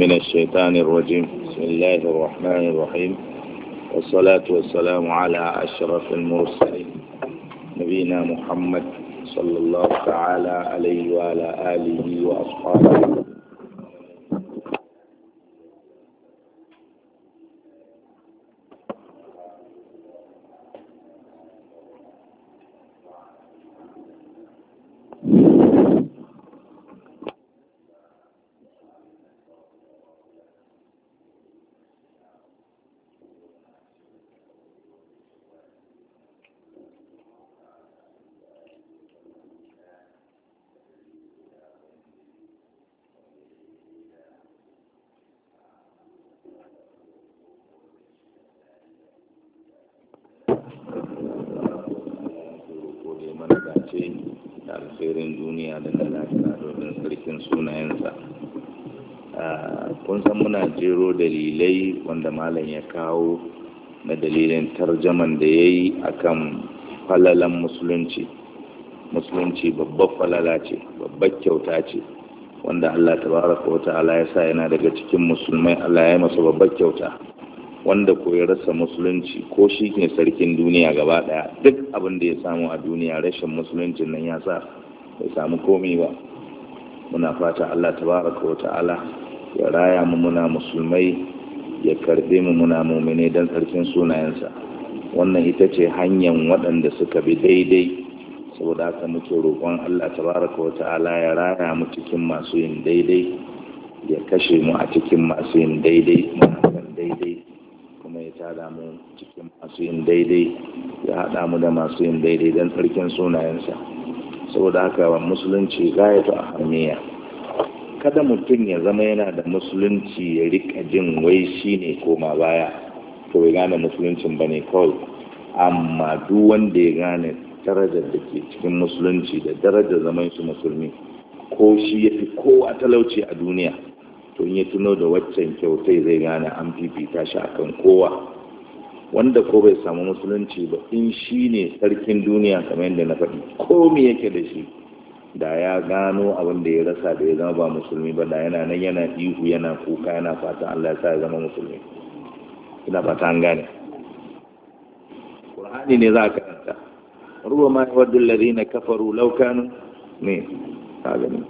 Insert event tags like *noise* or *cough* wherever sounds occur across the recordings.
من الشيطان الرجيم بسم الله الرحمن الرحيم والصلاة والسلام على أشرف المرسلين نبينا محمد صلى الله تعالى عليه وعلى آله وأصحابه da malam ya kawo na dalilin tarjaman da ya yi a kan falalan musulunci musulunci babbar falala ce babbar kyauta ce wanda allah tabaraka wata ala ya sa yana daga cikin musulmai allah ya yi masa babbar kyauta wanda ko ya rasa musulunci ko shi ne sarkin duniya gaba daya duk abin da ya samu a duniya rashin musulunci nan ya sa bai samu komai ba muna fata allah tabaraka wata ala ya raya mu muna musulmai ya karbe mu muna mumine don tsarkin sunayensa wannan ita ce hanyar waɗanda suka bi daidai saboda haka muke roƙon Allah tabaraka wa ta'ala ya raya mu cikin masu yin daidai ya kashe mu a cikin masu yin daidai kan daidai kuma ya tada mu cikin masu yin daidai ya haɗa mu da masu yin daidai don tsarkin sunayensa saboda haka musulunci gayatu a harmiya kada mutum ya zama yana da musulunci ya rika jin wai shi ne koma baya to bai gane musuluncin ba ne kawai amma duk wanda ya gane darajar da ke cikin musulunci da darajar zaman shi musulmi ko shi ya fi kowa talauci a duniya to in ya tuno da waccan kyautai zai gane an fifita shi akan kowa wanda ko bai samu musulunci ba in shi ne sarkin duniya kamar yadda na faɗi ko yake da shi da ya gano abin da ya rasa da ya zama ba musulmi ba da yana nan yana ihu yana kuka yana fatan Allah ya sa ya zama musulmi ina fata an gane Qur'ani ne za ka karanta rubama yawaddu ladina kafaru law kanu ne ka gani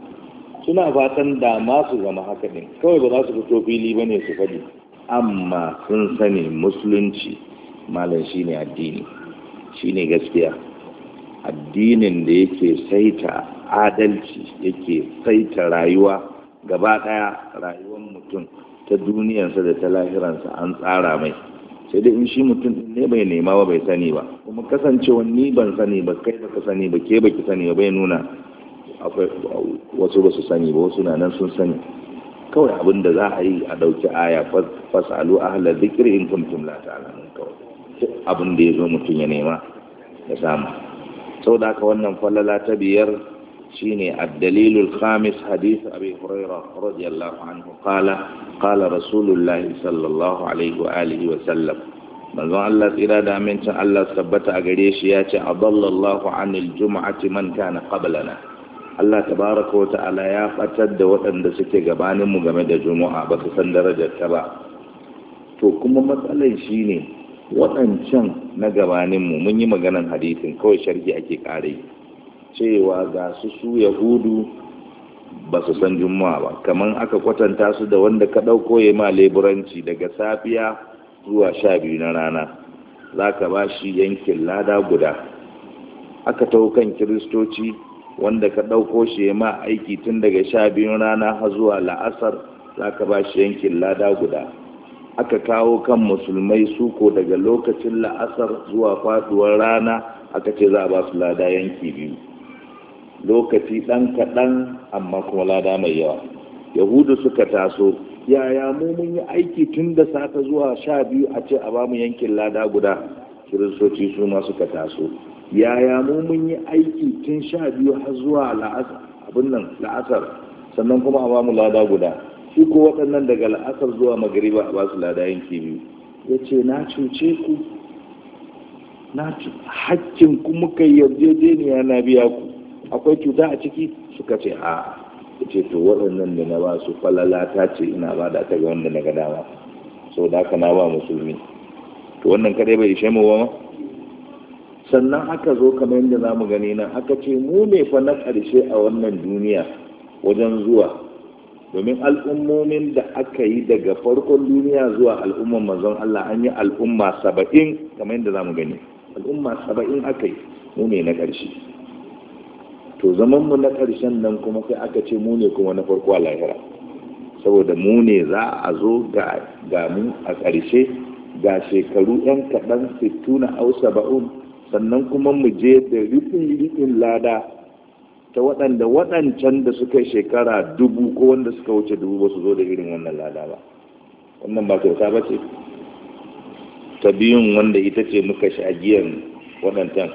suna fatan da ma su zama haka ne kawai ba za su fito fili bane su faɗi amma sun sani musulunci malam shine addini shine gaskiya addinin da yake saita adalci yake saita rayuwa gaba ɗaya, rayuwar mutum ta duniyarsa da ta lahiransa an tsara mai sai dai in shi mutum ɗin ne bai nema ba bai sani ba kuma kasancewa ni ban sani ba kai ba ka sani ba ke ba ki sani ba bai nuna akwai wasu ba su sani ba wasu na nan sun sani kawai abin da za a yi a ɗauki aya fasalu ahla zikri in kuntum la ta'lamun kawai abin da ya zo mutum ya nema ya samu da haka wannan falala ta biyar shine a dalilul khamis hadith abi huraira radiyallahu anhu qala kala rasulullahi sallallahu alaihi wa alihi wa sallam manzon Allah tsira da amincin Allah tabbata a gare shi ya ce adallallahu anil jum'ati man kana qablana Allah tabaraka wa ta'ala ya batar da waɗanda suke gabanin mu game da juma'a ba su san darajar ta ba to kuma matsalar shine waɗancan na gabaninmu mun yi maganan hadisin kawai sharhi ake ƙare cewa ga su su yahudu ba su san juma'a ba kamar aka kwatanta su da wanda ka ɗauko ya ma leburanci daga safiya zuwa sha biyu na rana za ka ba shi yankin lada guda aka kan kiristoci wanda ka ɗauko shi ya ma aiki tun daga sha biyu rana har zuwa la'asar za ka ba shi yankin lada guda aka kawo kan musulmai su daga lokacin la'asar zuwa faduwar rana aka ce za a ba su lada yanki biyu lokaci ɗan kaɗan amma kuma lada mai yawa yahudu suka taso yaya mu mun yi aiki tun da sata zuwa sha biyu a ce a ba mu yankin lada guda kiristoci su ma suka taso yaya mu mun yi aiki tun sha biyu har zuwa la'asar abin nan la'asar sannan kuma a ba mu lada guda shi ko waɗannan daga la'asar zuwa magariba a basu ladayen biyu ya ce na cuce ku na hakkin ku muka yarjejeniya na biya ku akwai cuta a ciki suka ce a ya ce to waɗannan da na ba su falala ta ce ina ba da ta ga wanda na ga dama sau da aka na ba musulmi to wannan kadai bai ishe mu ba ma sannan aka zo kamar yadda za mu gani na? aka ce mu ne fa na ƙarshe a wannan duniya wajen zuwa domin al'ummomin da aka yi daga farkon duniya zuwa al'umman manzon Allah an yi al'umma saba'in kamar yadda za mu gani al'umma saba'in aka yi mu ne na ƙarshe to zaman mu na ƙarshen nan kuma sai aka ce mu ne kuma na farko a lahira saboda mu ne za a zo ga mu a ƙarshe ga shekaru yan kaɗan fituna au saba'un sannan kuma mu je da rufin rufin lada ta waɗanda waɗancan da suka yi shekara dubu ko wanda suka wuce dubu ba su zo da irin wannan lada ba wannan ba kyauta ba ce ta biyun wanda ita ce muka shi ajiyar waɗancan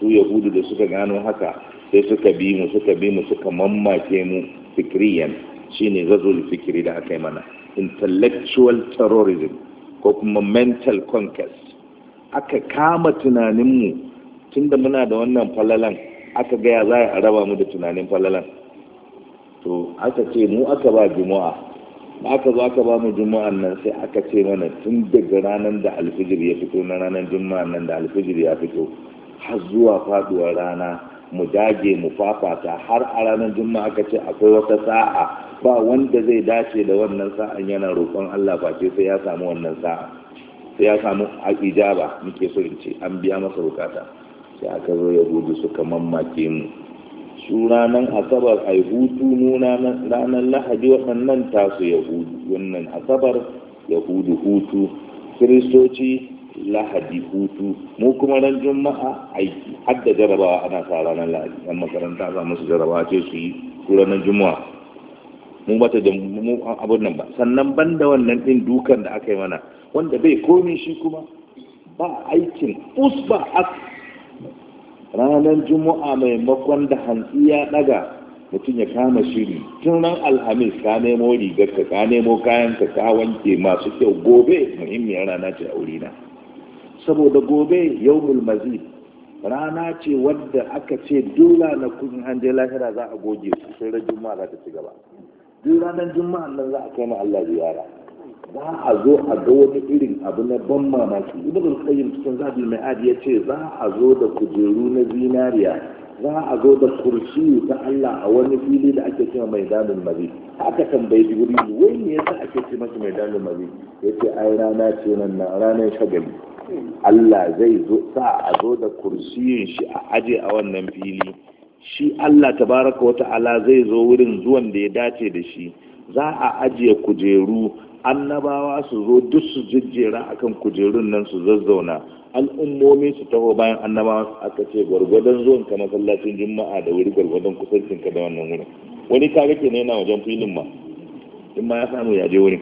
su yahudu da suka gano haka sai suka bi mu suka bi mu suka mammake mu fikiriyan shine zazul fikiri da aka yi mana intellectual terrorism ko kuma mental conquest aka kama tunaninmu tunda muna da wannan falalan aka gaya za a raba mu da tunanin falalan to aka ce mu aka ba juma'a ba aka zo aka ba mu juma'an nan sai aka ce mana tun daga ranar da alfijir ya fito na ranar juma'an nan da alfijir ya fito har zuwa faduwar rana mu dage mu fafata har a ranar juma'a aka ce akwai wata sa'a ba wanda zai dace da wannan sa'an yana roƙon Allah ce sai ya samu wannan sa'a sai ya samu ijaba muke so in ce an biya masa bukata sai aka zo yahudu suka mammake mu su ranar asabar ai hutu mu ranar lahadi waɗannan tasu yahudu wannan asabar yahudu hutu kiristoci lahadi hutu mu kuma ran juma'a aiki har da jarabawa ana sa ranar lahadi yan makaranta za musu jarabawa ce su yi su ranar juma'a mu bata da mu abun nan ba sannan banda wannan din dukan da aka yi mana wanda bai komi shi kuma ba aikin us ba ranar juma'a maimakon da hantsi ya daga mutum ya kama shiri tun ran alhamis ka nemo rigar ka ka nemo kayan ka ka wanke masu kyau gobe muhimmiyar rana ce a wurina saboda gobe yau mulmazi rana ce wadda aka ce dola na kudin hanje lahira za a goge su sai ran juma'a za ta ci gaba duk ranar juma'a nan za a kai ma Allah ziyara za a zo a ga wani irin abu na ban mamaki ibn al-qayyim cikin mai ma'ad ya ce za a zo da kujeru na zinariya za a zo da kursi ta Allah a wani fili da ake cewa mai damin mazi aka tambayi jibril wai me yasa ake ce masa mai damin mazi yace ai rana ce nan na ranar shagali Allah zai zo sa a zo da kursiyin shi a aje a wannan fili shi Allah tabaraka wata ala zai zo wurin zuwan da ya dace da shi za a ajiye kujeru annabawa su zo duk su jejjera akan kujerun nan su zazzauna al'ummomi su taho bayan annabawa aka ce gwargwadon zuwan ka masallacin juma'a da wuri gwargwadon kusancin ka da wannan wurin wani kaga ke yana wajen filin ma in ma ya samu ya je wurin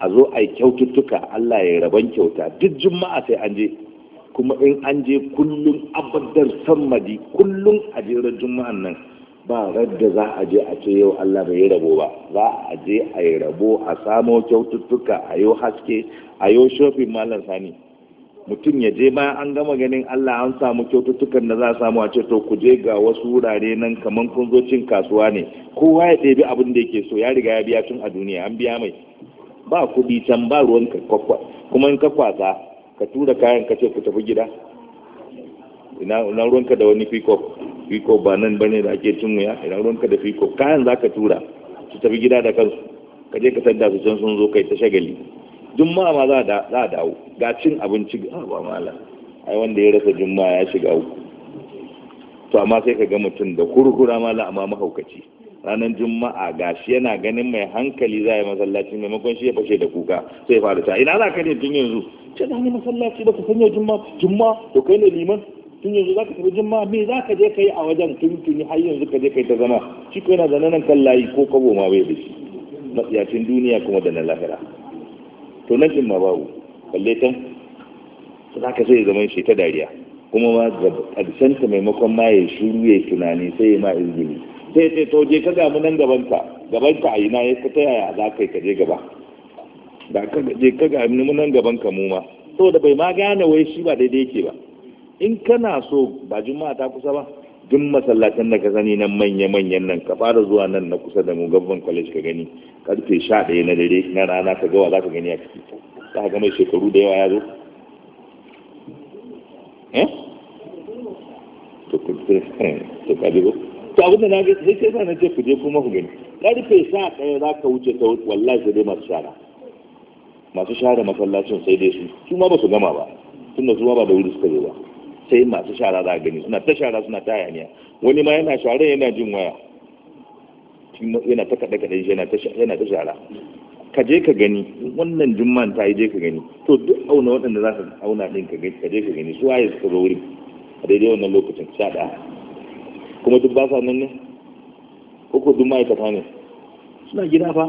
a zo a yi kyaututtuka Allah ya raban kyauta duk juma'a sai an je kuma in an je kullum abadar sammadi kullum a jerar juma'an nan ba radda za a je a ce yau Allah bai yi rabo ba za a je a yi rabo a samo kyaututtuka a yi haske a yi shofin malar sani mutum ya je bayan an gama ganin Allah an samu kyaututtukan da za a samu a ce to ku je ga wasu wurare nan kamar kun zo cin kasuwa ne kowa ya ɗebi abin da yake so ya riga ya biya tun a duniya an biya mai ba kuɗi can ba ruwan ka kuma in ka kwasa ka tura kayan ka ce ku tafi gida ina ruwanka da wani fiko fiko ba nan bane da ake cin wuya ina ruwanka da fiko kayan za ka tura su tafi gida da kansu ka je ka tadda su can sun zo kai ta shagali juma'a ma za a dawo ga cin abinci ga ba mala ai wanda ya rasa juma'a ya shiga uku to amma sai ka ga mutum da kurkura mala amma mahaukaci ranar juma'a gashi yana ganin mai hankali za ya masallaci maimakon shi ya fashe da kuka sai fara ta ina za ka ne tun yanzu ce da hannun masallaci ba ka sanya juma'a juma'a to kai ne liman tun yanzu za ka tafi jimma me za ka je ka yi a wajen tun tun har yanzu ka je ka yi ta zama shi ko yana zanen nan kan layi ko kabo ma bai da shi matsiyacin duniya kuma da na lahira to nan ɗin ma babu balle tan za ka sai zaman shi ta dariya kuma ma ga ta maimakon ma ya shuru ya tunani sai ya ma izini sai sai to je ka gamu nan gaban gaban ka a ina ya ka ta yaya za ka yi ka je gaba da ka je ka gamu nan ka mu ma saboda bai ma gane wai shi ba daidai yake ba in kana so ba juma'a ta kusa ba duk masallacin da ka sani nan manya-manyan nan ka fara zuwa nan na kusa da mu gabban college ka gani karfe sha na dare na rana ka gawa za ka gani a ciki za ka mai shekaru da yawa ya zo eh? to sai ka wuce ta masu share masallacin sai dai su su ba su gama ba tunda su ma ba da wuri suka ba sai masu shara za a gani suna ta shara suna ta hayaniya wani ma yana shara yana jin waya yana ta kaɗe kaɗe yana ta shara ka je ka gani wannan juma'an ta yi je ka gani to duk auna waɗanda za ka auna ɗin ka gani ka je ka gani su waye suka zo wurin a daidai wannan lokacin sha ɗaya kuma duk ba sa nan ne ko duk ma'aikata ne suna gida fa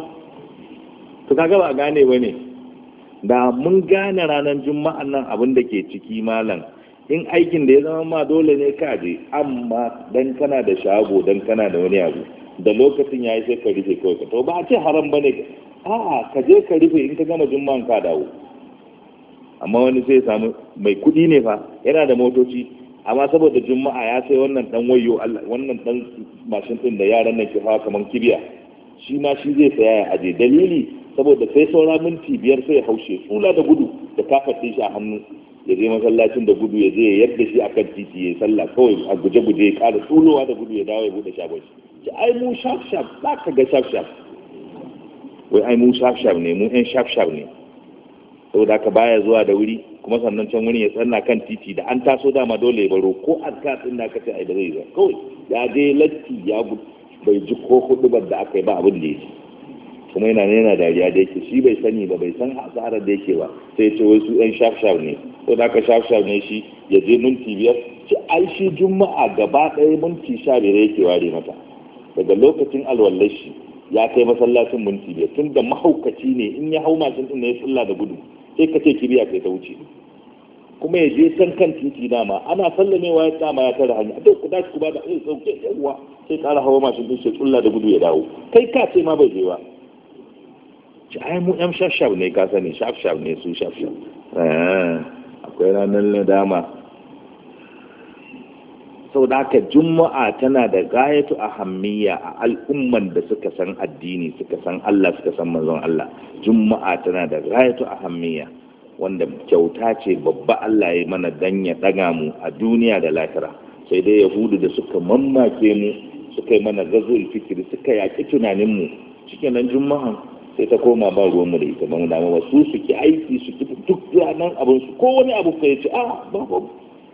to gaba a gane ba ne da mun gane ranar juma'an nan abin da ke ciki malam in aikin da ya zama ma dole ne ka je amma dan kana da shago dan kana da wani abu da lokacin ya yi sai ka rufe kawai ka to ba a ce haram ba bane a ka je ka rufe in ka gama jumman ka dawo amma wani sai samu mai kuɗi ne fa yana da motoci amma saboda juma'a ya sai wannan dan wayo Allah wannan dan mashin din da yaran nan ke fa kaman kibiya shi ma shi zai saya ya aje dalili saboda sai saura minti biyar sai ya haushe sula da gudu da kafa shi a hannu ya je masallacin da gudu ya je ya yadda shi akan titi ya sallah kawai a guje-guje ya kara tsulowa da gudu ya dawo ya buɗe shagon shi ki ai mu shaf shaf ka ga sharp-sharp wai ai mu sharp ne mu yan sharp-sharp ne saboda aka baya zuwa da wuri kuma sannan can wurin ya tsanna kan titi da an taso dama dole ya baro ko azka din da aka ce ai ba zai zo kawai ya je latti ya bai ji ko hudu da aka yi ba abin da ya kuma yana ne yana dariya da yake shi bai sani ba bai san asarar da yake ba sai ce wasu yan ɗan ne ko da ka shaf shaf ne shi ya je minti biyar ci ai shi juma'a gaba ɗaya minti sha biyar yake ware mata daga lokacin alwallashi ya kai masallacin minti biyar tun da mahaukaci ne in ya hau mashin ɗin ya tsalla da gudu sai ka ce kibiya kai ta wuce kuma ya je san kan titi dama ana sallamewa ya dama ya tara hanya duk ku dace ku ba da irin eh, sauke yawa sai ƙara hawa mashin ɗin sai tsalla da gudu ya dawo kai ka ce ma bai je ba ci ai mu yan shafshaf ne ka sani shafshaf ne su shafshaf eh, akwai ranar nadama sau da juma'a tana da gayatu a hammiya a al'umman da suka san addini suka san Allah suka san manzon Allah juma'a tana da gayatu a wanda kyauta ce babba Allah ya mana dan ya daga mu a duniya da lahira sai dai yahudu da suka mammake mu suka yi mana gazul fikiri suka yaki tunanin mu cikin nan Juma'a. sai ta koma ba ruwan mu da ita ba damu ba su suke ki aiki su ki duk ranar abin su ko wani abu ka yace a ah, ba ba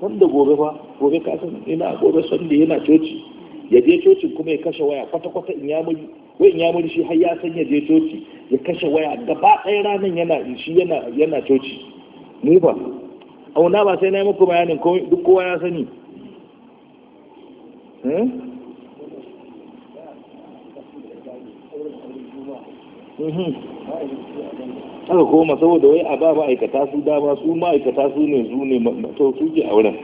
wanda gobe ba gobe ka san ina gobe sanda yana coci ya je cocin kuma ya kashe waya kwata kwata in ya muri wai in ya shi har ya san ya je coci ya kashe waya gaba ɗaya ranar yana shi yana yana coci ni ba auna ba sai na yi muku bayanin duk kowa ya sani hmm? Mhm. aka koma saboda wai a ba ma'aikata su dama su ma'aikata su ne su ne to su ke auren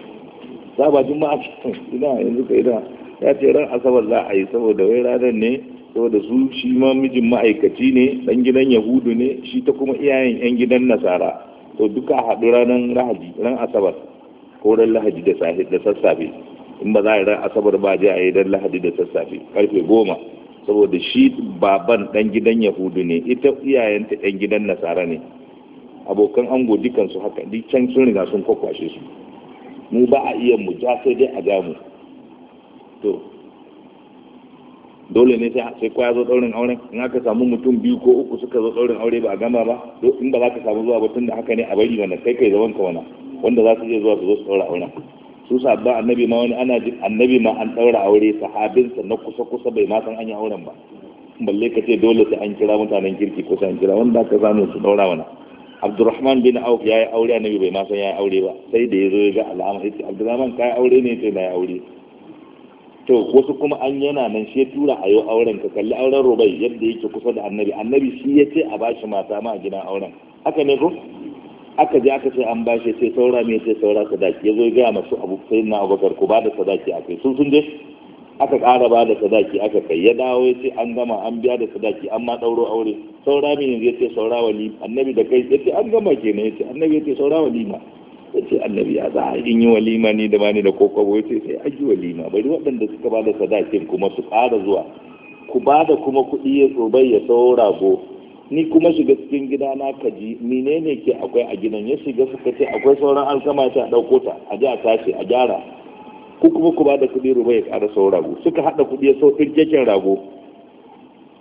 sabajin ma a *laughs* ina yanzu ka ina ya ce ran asabar za a yi saboda wai ranar ne saboda su shi ma mijin ma'aikaci ne dan gidan yahudu ne shi ta kuma iyayen yan gidan nasara to duka haɗu ranar lahadi ran asabar ko ran lahadi da sassafe in ba za a yi ran asabar ba je a yi ran lahadi da sassafe karfe goma saboda shi baban dan gidan yahudu ne ita iyayenta dan gidan nasara ne abokan ango su haka duk can sun riga sun kwakwashe su mu ba a iya mu ja sai dai a ja mu to dole ne sai kwaya zo daurin auren in aka samu mutum biyu ko uku suka zo daurin aure ba a gama ba in ba za ka samu zuwa ba tun da haka ne a bari wannan kai kai zaman ka wana wanda za su iya zuwa su zo su daura auren su sabba annabi ma wani ana annabi ma an daura aure sahabinsa na kusa kusa bai ma san an yi auren ba balle ka ce dole sai an kira mutanen kirki ko sai an kira wanda ka zano su daura wani Abdurrahman bin Auf ya yi aure annabi bai ma san ya yi aure ba sai da ya zo ya ga alama yace Abdurrahman kai aure ne sai na yi aure to wasu kuma an yana nan shi ya tura a yau auren ka kalli auren Rubai yadda yake kusa da annabi annabi shi ya ce a bashi mata ma a gidan auren haka ne ko aka je aka ce an bashi ce saura mai ce saura sadaki ya zo gaya masu abu sai na abubakar ku ba da sadaki a kai sun sun je aka ƙara ba da sadaki aka kai ya dawo ya ce an gama an biya da sadaki an ma ɗauro aure saura mai yanzu ya ce saura wali annabi da kai ya ce an gama kenan ya ce annabi ya ce saura ma ya ce annabi ya za a yi walima ni da mani da kokobo ya ce sai an yi walima bari waɗanda suka ba da sadakin kuma su ƙara zuwa ku ba da kuma kuɗi ya tsobai ya saura go ni kuma shiga cikin gida na kaji menene ke akwai a gidan ya shiga suka ce akwai sauran alkama ta dauko ta a ji a tashi a gyara ku kuma ku ba da kuɗi ruba ya ƙara sau rago suka haɗa kuɗi ya sau jikin rago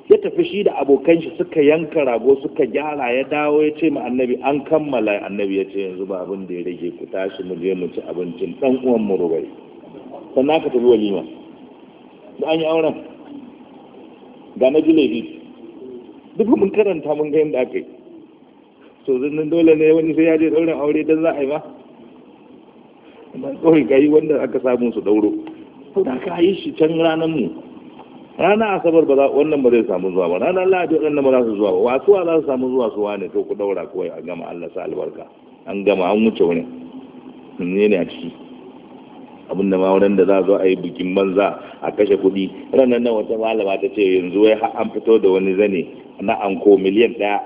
ya tafi shi da abokan shi suka yanka rago suka gyara ya dawo ya ce ma annabi an kammala annabi ya ce yanzu ba abin da ya rage ku tashi mu je mu ci abincin ɗan uwan mu rubai sannan ka tafi walima da an yi auren ga na jilebi duk mun karanta mun ga yadda aka yi to zannan dole ne wani sai ya je daurin aure don za a yi ba. amma kawai ga yi wanda aka samu su dauro to da ka yi shi can ranar mu Ranar asabar ba wannan ba zai samu zuwa ba ranar lahadi wannan ba za su zuwa ba wasuwa za su samu zuwa su wane to ku daura kawai a gama Allah sa albarka an gama an wuce wani ne ne a ciki abin da ma wurin da za zo a yi bikin banza a kashe kuɗi ranar nan wata malama ta ce yanzu wai an fito da wani zane na anko miliyan ɗaya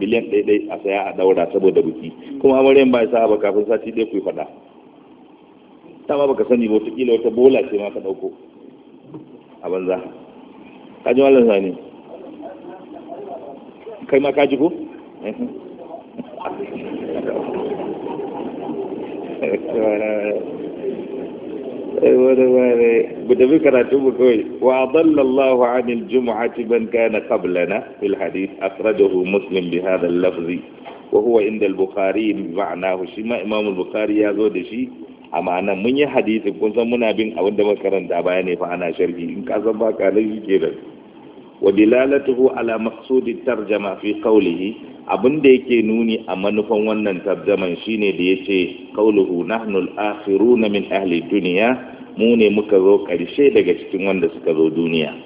miliyan daidai a saya a daura saboda buki kuma amaryan ba sa ba kafin sati dai ku fada ta ba baka sani ba wataƙila wata bola ce ma ka ɗauko a banza ka ji malam sani kai ma ka ji ko *laughs* mu tafi karatu mu kawai wa adalla Allahu anil jumu'ati man kana qablana fil hadith akhrajahu muslim bi hadha al-lafzi wa huwa inda al-bukhari ma'anahu shi ma imam al-bukhari ya zo da shi a ma'anan mun yi hadisi kun san muna bin abin da muka karanta baya ne fa ana sharhi in ka san ba ka nan shi wa dilalatuhu ala maqsudi tarjama fi qawlihi abinda yake nuni a manufan wannan tarjaman shine da yace qawluhu nahnu al-akhiruna min ahli dunya mu ne muka zo karshe daga cikin wanda suka zo duniya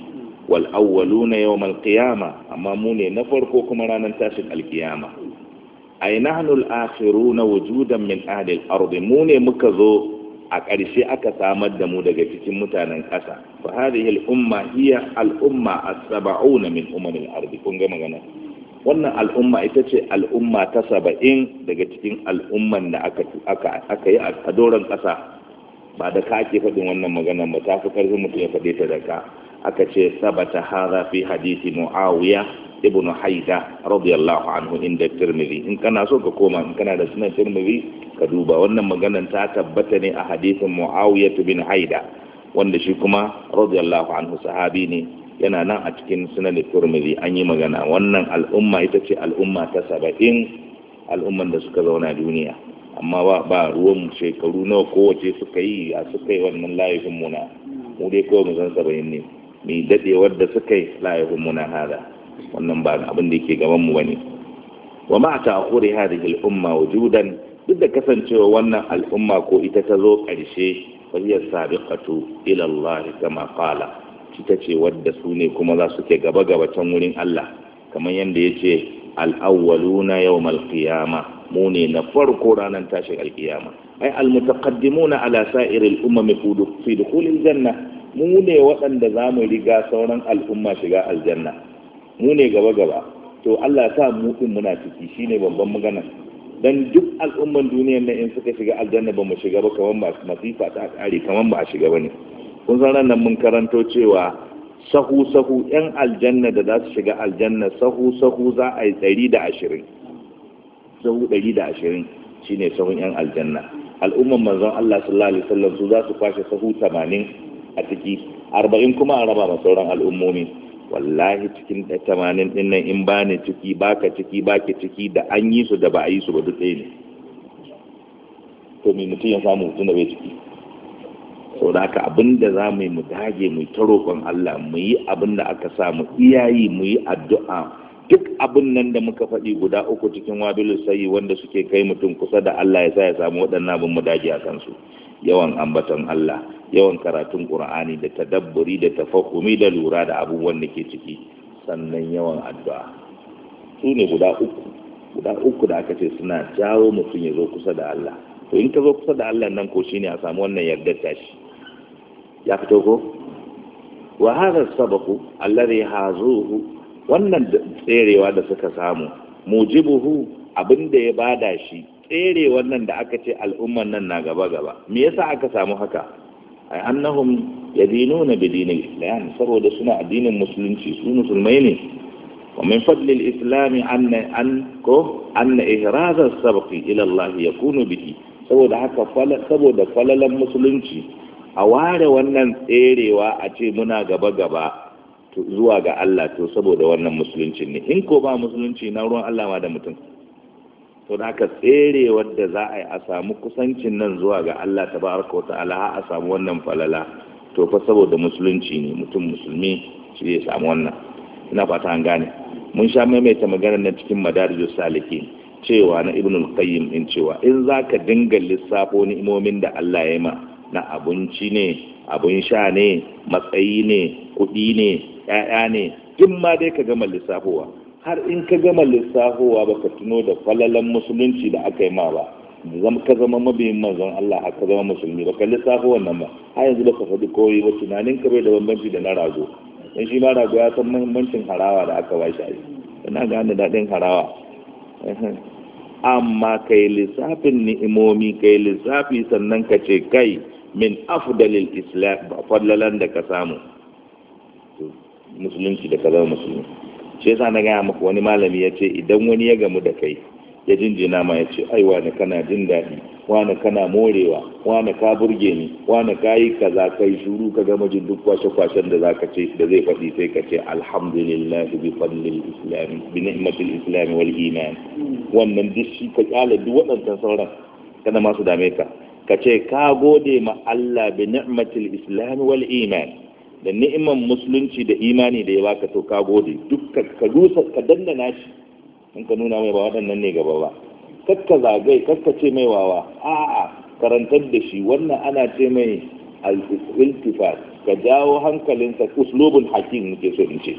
wal awwaluna yawm al-qiyama amma mu ne na farko kuma ranar tashin al-qiyama ay nahnu al-akhiruna wujudan min ahli al-ard mu ne muka zo a ƙarshe aka samar da mu daga cikin mutanen ƙasa fa hadhihi al-umma hiya al-umma as-sab'una min umam al-ardi kun ga magana wannan al'umma ita ce al'umma ta saba'in daga cikin al'umman da aka aka aka yi a doron ƙasa ba da ka ake faɗin wannan magana ba ta fi ƙarfin mutum ya faɗe ta da ka aka ce sabata hadha fi hadisi muawiya ibn haida radiyallahu anhu inda tirmidhi in kana so ka koma in kana da sunan tirmidhi ka duba wannan maganan ta tabbata ne a hadisin muawiyah bin haida wanda shi kuma radiyallahu anhu sahabi ne yana nan a cikin sunan tirmidhi an yi magana wannan al'umma ita ce al'umma ta saba'in al'umman da suka zauna duniya amma ba ba ruwan shekaru nawa kowace suka yi a suka yi wannan layifin muna mu dai kawai mu san saba'in ne mai dadewar da suka yi layifin muna hada wannan ba abin da yake gaban mu bane wa ma ta'khuri hadhihi al-umma wujudan duk da kasancewa wannan al'umma ko ita ta zo ƙarshe wajiyar sabiqatu ila Allah kama qala ta ce wadda su ne kuma za su ke gaba gaba can wurin Allah kamar yadda yace al-awwaluna yau qiyamah mu ne na farko ranar tashin alkiyama ai almutaqaddimuna ala irin umami fi dukhulil janna mu ne waɗanda za mu riga sauran al'umma shiga aljanna mu ne gaba gaba to Allah sa mu din muna ciki shine babban magana dan duk al'umman duniyar nan in suka shiga aljanna ba mu shiga ba kamar ba masifa ta kare kamar ba a shiga ba ne kun san ran mun karanto cewa sahu sahu yan aljanna da za su shiga aljanna sahu sahu za a yi ɗari da ashirin sahu ɗari shine sahun yan aljanna al'umman manzon Allah sallallahu alaihi wasallam su za su kwashe sahu tamanin a ciki arba'in kuma a raba ma sauran al'ummomi wallahi cikin tamanin dinnan in ba ne ciki baka ciki baki ciki da an yi su da ba a yi su ba duk ɗaya ne to me mutum ya samu mutum da bai ciki so da haka abin da za mu yi mu dage mu ta roƙon Allah mu yi abin da aka mu iyayi mu yi addu'a duk abin nan da muka faɗi guda uku cikin wabilu sayi wanda suke kai mutum kusa da Allah ya sa ya samu waɗannan abin mu dage a kansu yawan ambaton Allah yawan karatun ƙura'ani da tadabburi da tafahumi da lura da abubuwan da ke ciki sannan yawan addu'a su ne guda uku guda uku da aka ce suna jawo mutum ya zo kusa da Allah to in ka zo kusa da Allah nan ko shi ne a samu wannan yardar tashi ya fito ko wa hadha sabaqu alladhi hazuhu wannan tserewa da suka samu mujibuhu abinda ya bada shi tsere wannan da aka ce al'umman nan na gaba gaba me yasa aka samu haka ay annahum yadinuna bi dinil islam saboda suna addinin musulunci su musulmai ne wa min fadli al-islam anna an ko anna ihraz al sabq ila Allah yakunu bihi saboda haka saboda falalan musulunci a ware wannan tserewa a ce muna gaba gaba zuwa ga Allah to saboda wannan musulunci ne in ko ba musulunci na ruwan Allah ma da mutum to da aka tsere wadda za a yi a samu kusancin nan zuwa ga Allah ta baraka wa ta'ala a samu wannan falala to fa saboda musulunci ne mutum musulmi shi ya samu wannan ina fata an gane mun sha maimaita magana na cikin madarijus salihi cewa na ibn al in cewa in zaka dinga lissafo imomin da Allah ya yi ma na abinci ne abun sha ne matsayi ne kuɗi ne 'ya'ya ne in ma dai ka gama lissafowa har in ka gama lissafowa baka tuno da falalan musulunci da aka yi ma ba zama ka zama mabiyin manzon Allah har ka zama musulmi baka lissafo wannan ba har yanzu baka faɗi koyi ba tunanin ka bai da bambanci da na rago dan shi ma rago ya san muhimmancin harawa da aka bashi ai ina gane daɗin harawa amma kai lissafin ni'imomi kai lissafi sannan ka ce kai min afdalil islam ba fallalan da ka samu musulunci da ka zama musulmi shi yasa na gaya maka wani malami ya ce idan wani ya gamu da kai ya jinjina ma ya ce ai wani kana jin daɗi wani kana morewa wani ka burge ni wani ka yi kaza kai shuru ka gama jin duk kwashe kwashen da zaka ce da zai faɗi sai ka ce alhamdulillahi bi fadlil islam bi ni'matil islam wal iman wannan duk shi ka kyale duk waɗannan sauran kana masu dame ka ka ce ka gode ma Allah bi ni'matil islam wal iman da ni'iman musulunci da imani da ya baka to ka gode dukkan ka dusa ka dandana shi in ka nuna mai ba waɗannan ne gaba ba kakka zagai kakka ce mai wawa a'a karantar da shi wannan ana ce mai al-iltifat ka jawo hankalinsa uslubun hakim muke so in ce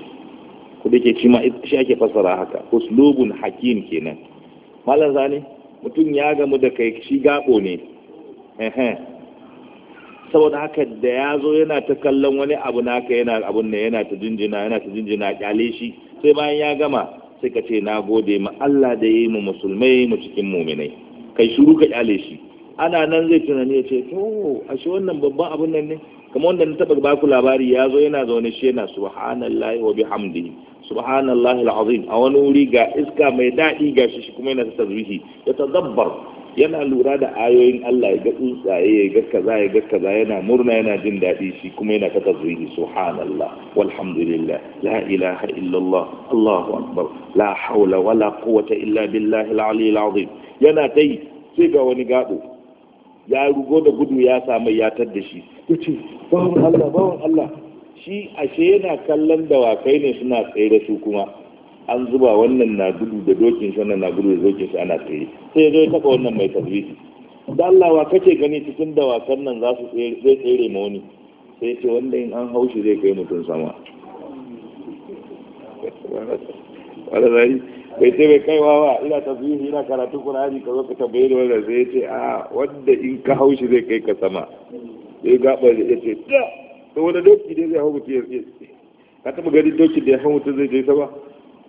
ku da ke cima shi ake fasara haka uslubun hakim kenan malam zane mutum ya gamu da kai shi gabo ne saboda haka da ya zo yana ta kallon wani abu na ka yana abun ne yana ta jinjina yana ta jinjina kyale shi sai bayan ya gama sai ka ce na gode ma Allah da yi mu musulmai mu cikin muminai kai shuru ka kyale shi ana nan zai tunani ya ce to a shi wannan babban abun nan ne kamar wanda na taba baku labari ya zo yana zaune shi yana subhanallahi wa bihamdihi subhanallahi alazim a wani wuri ga iska mai daɗi gashi shi kuma yana ta tazwihi ya tazabbar yana lura da ayoyin Allah ya ga tsuntsaye ya ga kaza ya ga kaza yana murna yana jin daɗi shi kuma yana kaka zuwi subhanallah walhamdulillah la ilaha illallah Allahu akbar la haula wala quwwata illa billahi al-aliyyil azim yana tai sai ga wani gado ya rugo da gudu ya samu ya tadda shi yace bawon Allah bawon Allah shi ashe yana kallon dawakai ne suna tsaye da su kuma an zuba wannan na gudu da dokin shi wannan na gudu da dokin shi ana tsaye sai zai zo wannan mai tasbiti da Allah wa kake gani cikin dawakan nan za su zai tsere ma wani sai ce wanda in an haushi zai kai mutum sama wala zai bai ce bai kai wawa ina tasbiti ina karatu Qur'ani ka zo ka tambaye da wanda sai ce a wanda in ka haushi zai kai ka sama sai gaba da ce da to wanda doki dai zai hau mutum ya ka taba gani doki da ya hau mutum zai je sama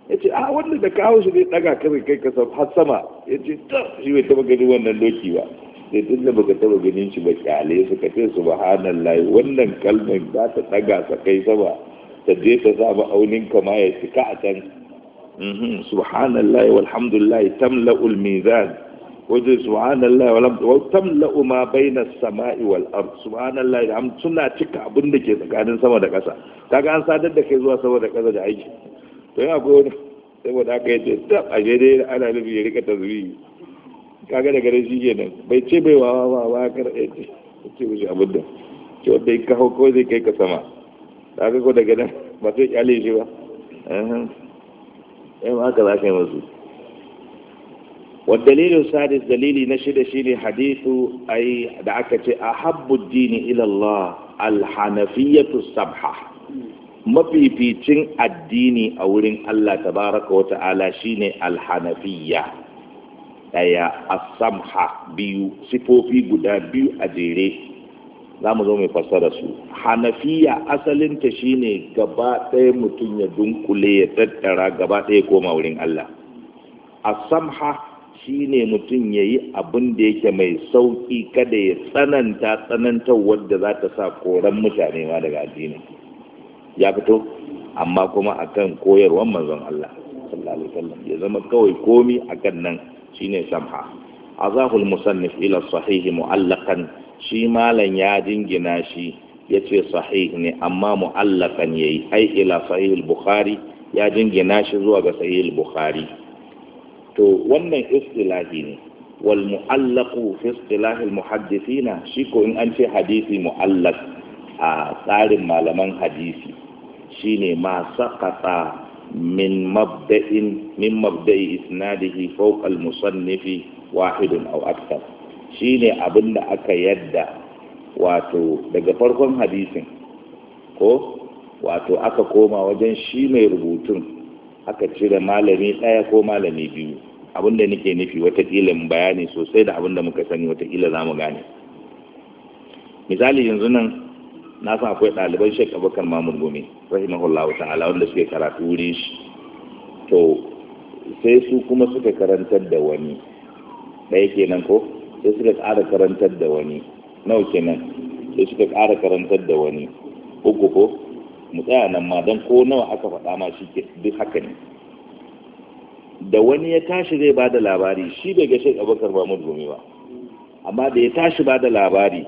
ya ce a wanda da kawo shi zai daga kai kai ka har sama ya ce ta shi bai taba ganin wannan doki ba sai tun da baka taba ganin shi ba kyale su ka ce subhanallah wannan kalmar za ta daga sa kai sama ta je ta sa ka kama ya cika a can mhm, subhanallah walhamdulillah tamla'ul mizan wajen subhanallah walhamdulillah tamla'u ma baina samai wal ard subhanallah suna cika abin da ke tsakanin sama da ƙasa kaga an sadar da kai zuwa sama da ƙasa da aiki to ya akwai wani saboda aka yi ce tab a dai ana nufi ya rika ta zuri kaga daga gare shi kenan bai ce bai wawa ba ba kar ya ce ce mishi abin da ce wanda ya kawo ko zai kai ka sama da aka ko daga nan ba sai kyale shi ba eh ma haka za ka yi masu والدليل السادس دليل نشد شيل حديث أي دعك أحب الدين إلى الله الحنفية السبحة mafificin addini a wurin Allah tabaraka wa ta'ala shine alhanafiyya daya asamha biyu sifofi guda biyu a jere za mu zo mai fassara su hanafiya asalinta shine gaba ɗaya mutum ya dunkule ya tattara gaba ɗaya koma wurin Allah asamha shine mutum ya yi abin da yake mai sauƙi kada ya tsananta tsanantar wadda za ta sa koran mutane ma daga addini. ya fito amma kuma akan koyarwar manzon Allah sallallahu alaihi wasallam ya zama kawai komi akan nan shine samha azahul musannif ila sahih mu'allaqan shi malan ya jingina shi yace sahih ne amma mu'allaqan yayi ai ila sahih al-bukhari ya jingina shi zuwa ga sahih al-bukhari to wannan istilahi ne wal mu'allaqu fi istilah al-muhaddithina shi ko in an ce hadisi mu'allaq a tsarin malaman hadisi shine ma sakata min mabda'in min mabda'i isnadihi fawqa al-musannifi wahidun aw akthar shine abinda aka yadda wato daga farkon hadisin ko wato aka koma wajen shi mai rubutun aka cire malami ɗaya ko malami biyu abinda nake nufi watakila mu bayani sosai da abinda muka sani watakila za mu gane misali yanzu nan na san akwai ɗaliban shek abubakar mamun gome rahimahullahu ta'ala wanda suke karatu wurin shi to sai su kuma suka karantar da wani ɗaya kenan ko sai suka ƙara karantar da wani nawa kenan sai suka ƙara karantar da wani uku ko mu tsaya nan ma don ko nawa aka faɗa ma shi ke duk haka ne da wani ya tashi zai ba da labari shi bai gashe shek abubakar ba mu ba amma da ya tashi ba da labari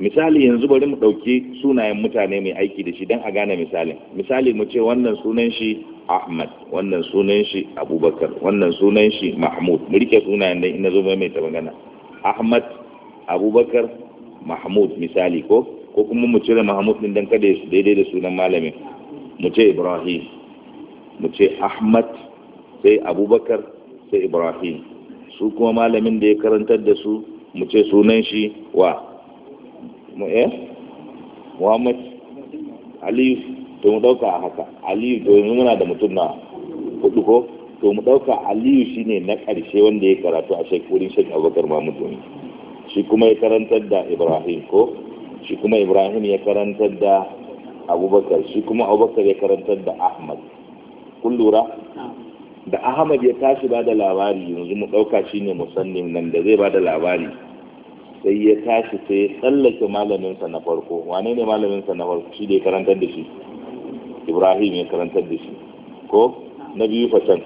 misali yanzu bari mu ɗauki sunayen mutane mai aiki da shi don a gane misalin misali mu ce wannan sunan shi ahmad wannan sunan shi abubakar wannan sunan shi mahmud mu rike sunayen dai ina zo mai ta magana ahmad abubakar mahmud misali ko ko kuma mu cire mahmud din dan kada daidai da sunan malamin mu ce ibrahim mu ce ahmad sai abubakar sai ibrahim su kuma malamin da ya karantar da su mu ce sunan shi wa mu eh muhammad aliyu to mu dauka a haka aliyu to yanzu muna da mutum na hudu ko to mu dauka aliyu shine na karshe wanda ya karatu a wurin shek abubakar mamudu shi kuma ya karantar da ibrahim ko shi kuma ibrahim ya karantar da abubakar shi kuma abubakar ya karantar da ahmad kun lura da ahmad ya tashi ba da labari yanzu mu ɗauka shi ne musannin nan da zai ba da labari sai ya tashi sai ya tsallake malaminsa na farko wane ne malaminsa na farko shi da ya karantar da shi ibrahim ya karantar da shi ko na biyu fasan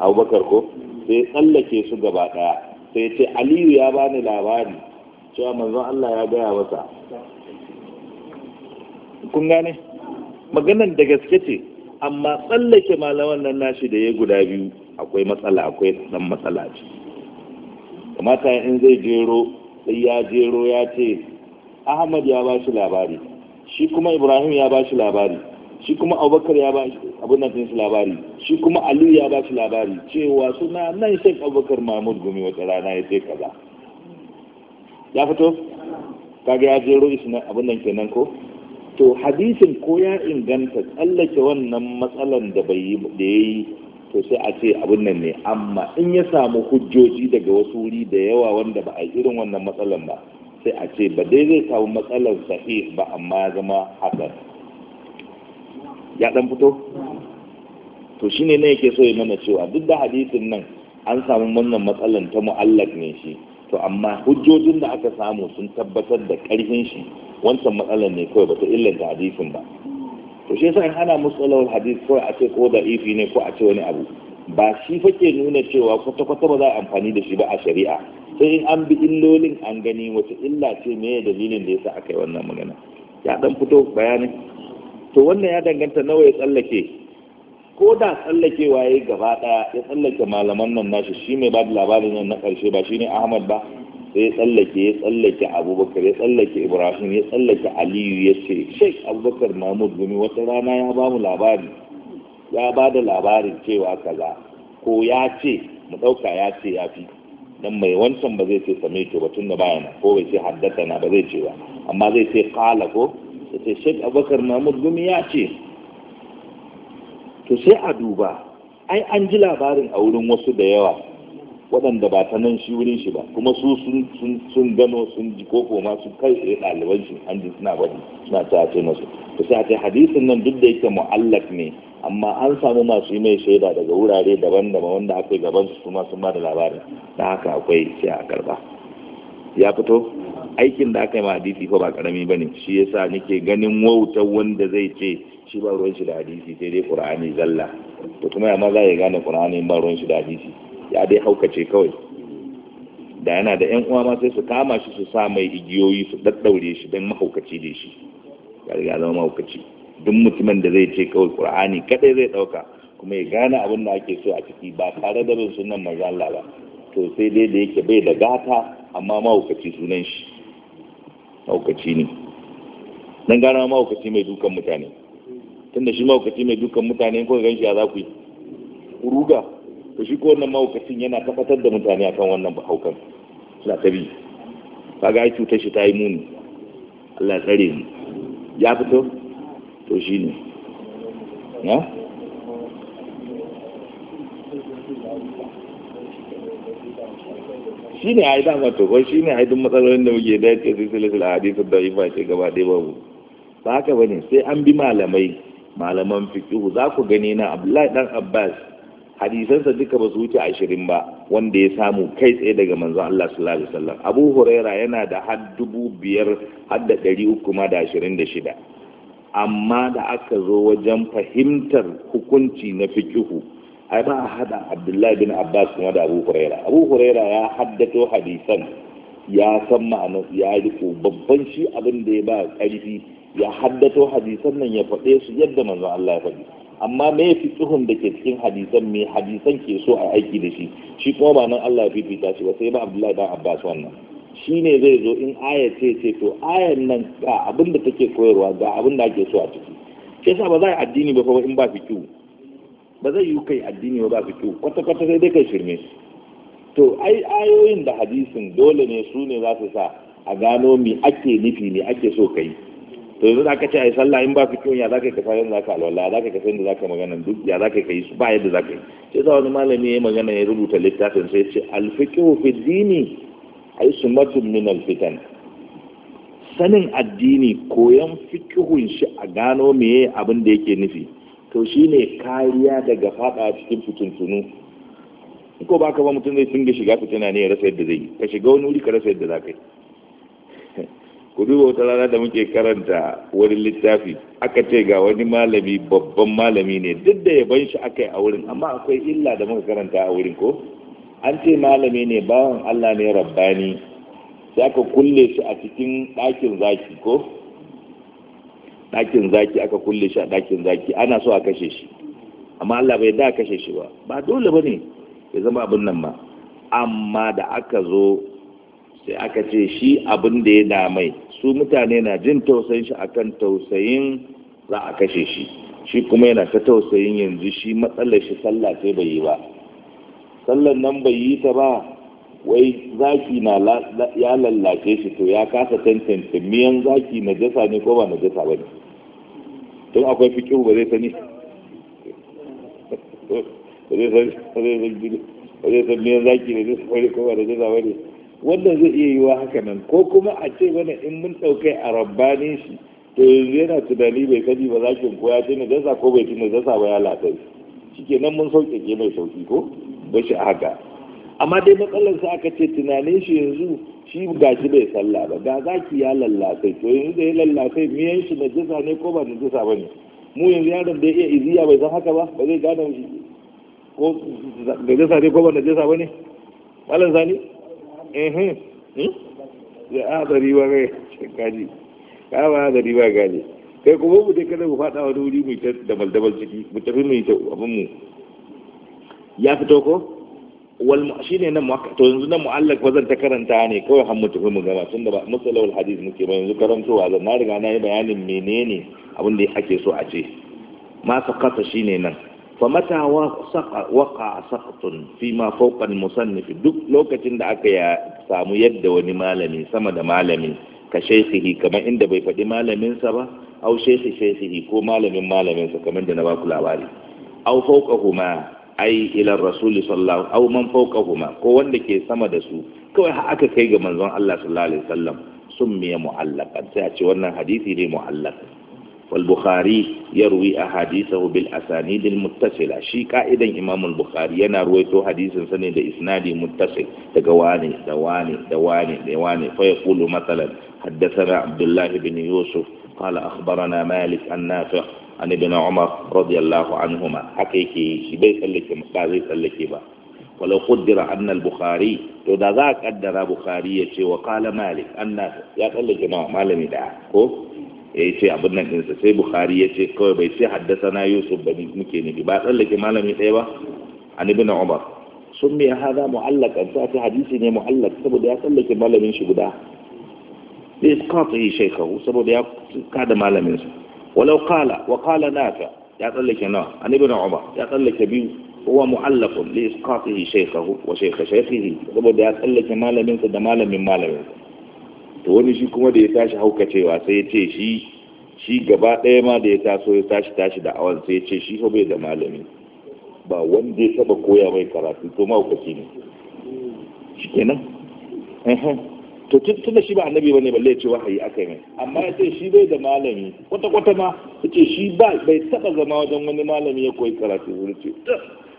abubakar ko sai tsallake su gaba daya sai ce aliyu ya bani labari cewa manzon allah ya gaya masa kun gane maganan da gaske ce amma tsallake malaman nan nashi da ya guda biyu akwai matsala akwai dan matsala ce kamata in zai jero sai ya jero ya ce ahmad ya ba shi labari shi kuma ibrahim ya ba shi labari shi kuma abubakar ya ba abin nan shi labari shi kuma aliyu ya ba shi labari cewa suna nan shek abubakar mahmud gumi wata rana ya ce kaza ya fito kaga ya jero na abin nan kenan ko to hadisin ko ya inganta tsallake wannan matsalan da bai da yayi to sai a ce abin nan ne amma in ya samu hujjoji daga wasu wuri da yawa wanda ba a irin wannan matsalan ba sai a ce ba dai zai samu matsalar sahi ba amma ya zama hakan ya dan fito to shine ne yake so ya mana cewa duk da hadisin nan an samu wannan matsalan ta mu'allaq ne shi to amma hujjojin da aka samu sun tabbatar da karfin shi wancan matsalan ne kawai bata illanta hadisin ba to shi yasa in ana musalawar hadis a ce ko da ifi ne ko a ce wani abu ba shi fake nuna cewa kwata-kwata ba za a amfani da shi ba a shari'a sai in an bi illolin an gani wata illa ce me dalilin da yasa aka yi wannan magana ya dan fito bayanin to wannan ya danganta nawa ya tsallake ko da tsallakewa ya gaba daya ya tsallake malaman nan nashi shi mai ba da labarin nan na karshe ba shi ne ahmad ba sai ya tsallake ya tsallake abubakar ya tsallake ibrahim ya tsallake aliyu ya ce sheik abubakar mahmud gumi wata rana ya ba mu labari ya ba da labarin cewa kaza ko ya ce mu ɗauka ya ce ya fi dan mai wancan ba zai ce same ba tun da baya ko bai ce haddata na ba zai ce ba amma zai ce kala ko ya ce sheik abubakar mahmud gumi ya ce to sai a duba ai an ji labarin a wurin wasu da yawa waɗanda ba ta nan shi wurin shi ba kuma su sun gano sun ji koko ma su kai tsaye ɗaliban shi an ji suna faɗi suna ta ce masu ta sa ta hadisin nan duk da yake mu'allaf ne amma an samu masu yi mai shaida daga wurare daban-daban wanda aka yi gaban su kuma sun ba da labarin da haka akwai shi a karba ya fito aikin da aka yi ma hadisi ko ba karami ne shi ya sa nake ganin wautar wanda zai ce shi ba ruwan shi da hadisi sai dai qur'ani zalla to kuma ya ma za ya gane qur'ani ba ruwan shi da hadisi ya dai haukace kawai da yana da yan uwa ma sai su kama shi su sa mai igiyoyi su daddaure shi don mahaukaci da shi ya riga zama mahaukaci duk mutumin da zai ce kawai qur'ani kadai zai dauka kuma ya gane abin da ake so a ciki ba tare da bin sunan manzo Allah ba to sai dai da yake bai da gata amma mahaukaci sunan shi mahaukaci ne dan gane mahaukaci mai dukan mutane tunda shi mahaukaci mai dukan mutane ko gan shi ya za ku yi ruga to shi ko wannan mahaukacin yana tabbatar da mutane akan wannan haukan latari ba ga yi cutar shi ta yi muni Allah tsare mu ya fito to shi ne ya shi ne a yi dama to kwan shi ne a yi duk matsalolin da muke da yake silsilar a hadisun da yi ce gaba ɗaya babu ba haka ba ne sai an bi malamai malaman fikihu za ku gani na abdullahi dan abbas hadisansa duka ba su wuce ashirin ba wanda ya samu kai tsaye daga manzon Allah sallallahu alaihi Abu Huraira yana da har dubu biyar har da ɗari uku ma da ashirin da shida amma da aka zo wajen fahimtar hukunci na fikihu ai ba a hada Abdullahi bin Abbas kuma da Abu Huraira Abu Huraira ya haddato hadisan ya san ma'anar ya yi ko babban shi abin da ya ba ƙarfi ya haddato hadisan nan ya faɗe su yadda manzon Allah ya faɗi amma me fi tsuhun da ke cikin hadisan me hadisan ke so a aiki da shi shi kuma ba nan Allah ya fifita shi ba sai ba Abdullahi dan Abbas wannan shi ne zai zo in aya ce ce to ayan nan ga abin da take koyarwa ga abin da ake so a ciki shi yasa ba za a addini ba kuma in ba fikihu ba zai yi kai addini ba ba fikihu kwata kwata sai dai kai shirme to ai ayoyin da hadisin dole ne su ne za su sa a gano me ake nufi ne ake so kai to yanzu za ka ce a yi sallah in ba fi kyau ya za ka yi kasa yadda za ka alwala za ka kasa yadda za ka magana duk ya za ka yi su ba yadda za ka yi sai za wani malami ya yi magana ya rubuta littafin sai ce alfiqhu fi dini su sumatun min alfitan sanin addini koyan fikihun shi a gano meye abin da yake nufi to shine kariya daga fada cikin fitintunu ko ba ka ba mutum zai sun shiga fitina ne ya rasa yadda zai yi ka shiga wani wuri ka rasa yadda za ka yi ku duba wata rana da muke karanta wani littafi aka ce ga wani malami babban malami ne duk da yaban shi aka yi a wurin amma akwai illa da muka karanta a wurin ko an ce malami ne bawan Allah ne rabbani sai aka kulle shi a cikin ɗakin zaki ko ɗakin zaki aka kulle shi a ɗakin zaki ana so a kashe shi amma Allah bai da kashe shi ba ba dole ba ne ya zama abin nan ma. amma da aka zo sai aka ce shi abin da ya mai su mutane na jin tausayin shi akan tausayin za a kashe shi shi kuma yana ta tausayin yanzu shi matsalar shi sallah sai bai yi ba sallar nan bai yi ta ba wai zaki na ya lallace shi to ya kasa tantance miyan zaki na jasa ne ko ba na jasa ba ne tun akwai fikihu ba zai sani *laughs* ba zai san miyan zaki na jasa ba ne ko ba na jasa ba ne wannan zai iya yiwa haka nan ko kuma a ce wani in mun ɗaukai a rabbanin shi to yanzu yana tunani bai kaji ba za ki koya ce na dasa ko bai tuna dasa ba ya latsai ke nan mun sauƙaƙe mai sauƙi ko ba shi a haka amma dai matsalar sa aka ce tunanin shi yanzu shi ga shi bai sallah ba ga ki ya lallatai to yanzu da ya lallatai miyan shi na jisa ne ko ba na jisa ba ne mu yanzu yaron da ya iya iziya bai san haka ba ba zai gane shi ko jisa ne ko ba na jisa ba ne malam sani ehe hmm? ya adari ba kai gaji ka ba azari ba gaji kai kuma mu dai kada mu fada wani wuri mu ta dabal dabal ciki mu tafi mu yi ta abin mu ya fito ko wal shine nan mu to yanzu nan mu'allaq bazan ta karanta ne kawai har mu tafi mu gama tunda ba musalawul hadith muke ba yanzu karantowa zan na riga na yi bayanin menene abin da ake so a ce ma sakata shine nan famata waka sakatun fi ma fauƙan musannifi duk lokacin da aka ya samu yadda wani malami sama da malami ka shaisihi kamar inda bai faɗi malaminsa ba au shekhi shaisihi ko malamin malaminsa kamar da na baku labari au fauƙahuma ai ila rasul sallallahu au man fauƙahuma ko wanda ke sama da su kawai aka kai ga manzon Allah sallallahu alaihi wasallam sun miya mu'allaqan sai a ce wannan hadisi ne mu'allaqan والبخاري يروي أحاديثه بالأسانيد المتصلة شي قائدا إمام البخاري ينا رويته حديث سنة إسناد متصل تقواني دواني دواني دواني فيقول مثلا حدثنا عبد الله بن يوسف قال أخبرنا مالك النافع عن ابن عمر رضي الله عنهما حقيقي بيت لك مقاضي لك با ولو قدر أن البخاري تدذاك أدر بخاري وقال مالك النافع يا قال لك نوع مالك دا yace yi abin nan ɗinsa sai bukhari yace kawai bai sai haddasa na yusuf bane muke nufi ba lake malami dai ba an ibn umar summi mai hada mu'allakan sa ta hadisi ne mu'allaq saboda ya tsallake malamin shi guda zai qati shaykhu saboda ya kada malamin shi walau qala wa qala nata ya tsallake nawa an ibn umar ya tsallake bi huwa mu'allakun li isqati shaykhu wa shaykh shaykhihi saboda ya tsallake malamin sa da malamin malamin sa to wani shi kuma da ya tashi haukacewa sai ya ce shi shi gaba ɗaya ma da ya taso ya tashi tashi da awan sai ya ce shi bai da malami ba wanda ya taba koya mai karatu to mahaukaci ne shi kenan to tun da shi ba annabi bane balle ya ce wahayi aka mai amma ya ce shi bai da malami kwata kwata ma ya ce shi bai taba zama wajen wani malami ya koyi karatu wurin ce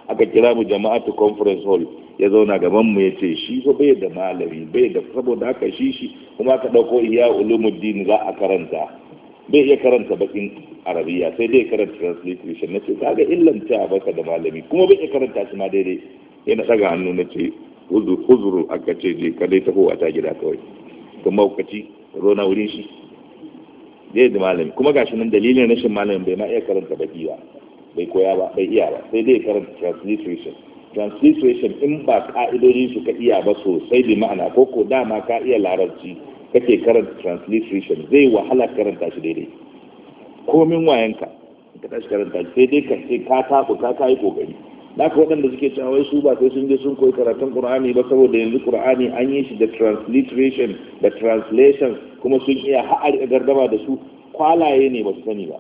aka kira mu jama'atu conference hall ya zauna gaban mu ya ce shi fa bai da malami bai da saboda haka shi shi kuma aka ɗauko iya ulumuddin za a karanta bai iya karanta bakin arabiya sai dai karanta translation na ce ga illan ta baka da malami kuma bai iya karanta shi ma daidai na ɗaga hannu na ce huzuru aka ce je ka dai taho ta gida kawai kuma maukaci rona wurin shi zai da malami kuma gashi nan dalilin rashin malamin bai ma iya karanta baki ba bai koya ba bai iya ba sai dai karanta transliteration transliteration in ba ka'idodin su ka iya ba sosai bi ma'ana ko ko dama ka iya larabci kake karanta transliteration zai wahala karanta shi daidai komin wayanka ka tashi karanta sai dai ka sai ka taku ka kai kokari naka waɗanda suke cewa wai su ba sai sun je sun koyi karatun qur'ani ba saboda yanzu qur'ani an yi shi da transliteration da translation kuma sun iya har gardama da su kwalaye ne ba su sani ba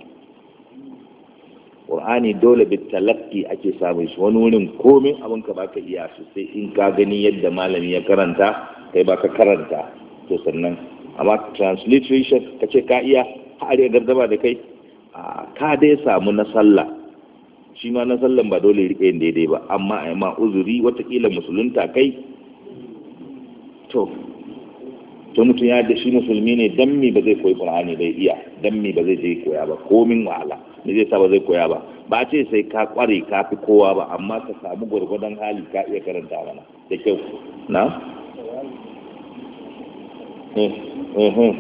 qur'ani dole bi talaffi ake samu shi wani wurin komin abin ka baka iya su sai in ka gani yadda malami ya karanta kai baka karanta to sannan amma transliteration kace ka iya har ya gardaba da kai ka dai samu na sallah shi ma na sallan ba dole rike yin daidai ba amma a ma uzuri watakila musulunta kai to to mutum ya da shi musulmi ne dan mi ba zai koyi qur'ani bai iya dan mi ba zai je koya ba komin wahala me zai saba zai koya ba ba ce sai ka kware ka fi kowa ba amma ka samu gwargwadon hali ka iya karanta mana da kyau na eh, eh, eh.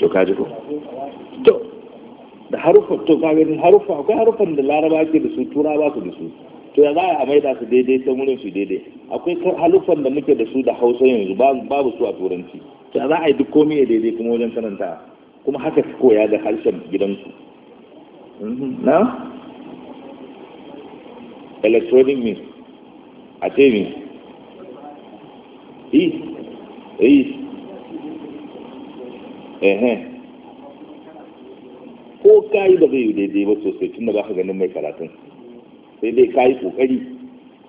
to ka ji ko to da harufa to ka gani harufa akwai harufan da laraba ke da su tura ba su da su to ya za a maida su daidai ta wurin su daidai akwai halufan da muke da su da hausa yanzu babu su a turanci to ya za a yi duk komai ya daidai kuma wajen karanta kuma haka su koya da harshen gidansu mhm, na electronic means a ce ne yi e, yi e. ehe ko kayi ba zai yi daidai ba sosai tun da ba ka ganin mai karatun sai dai kayi kokari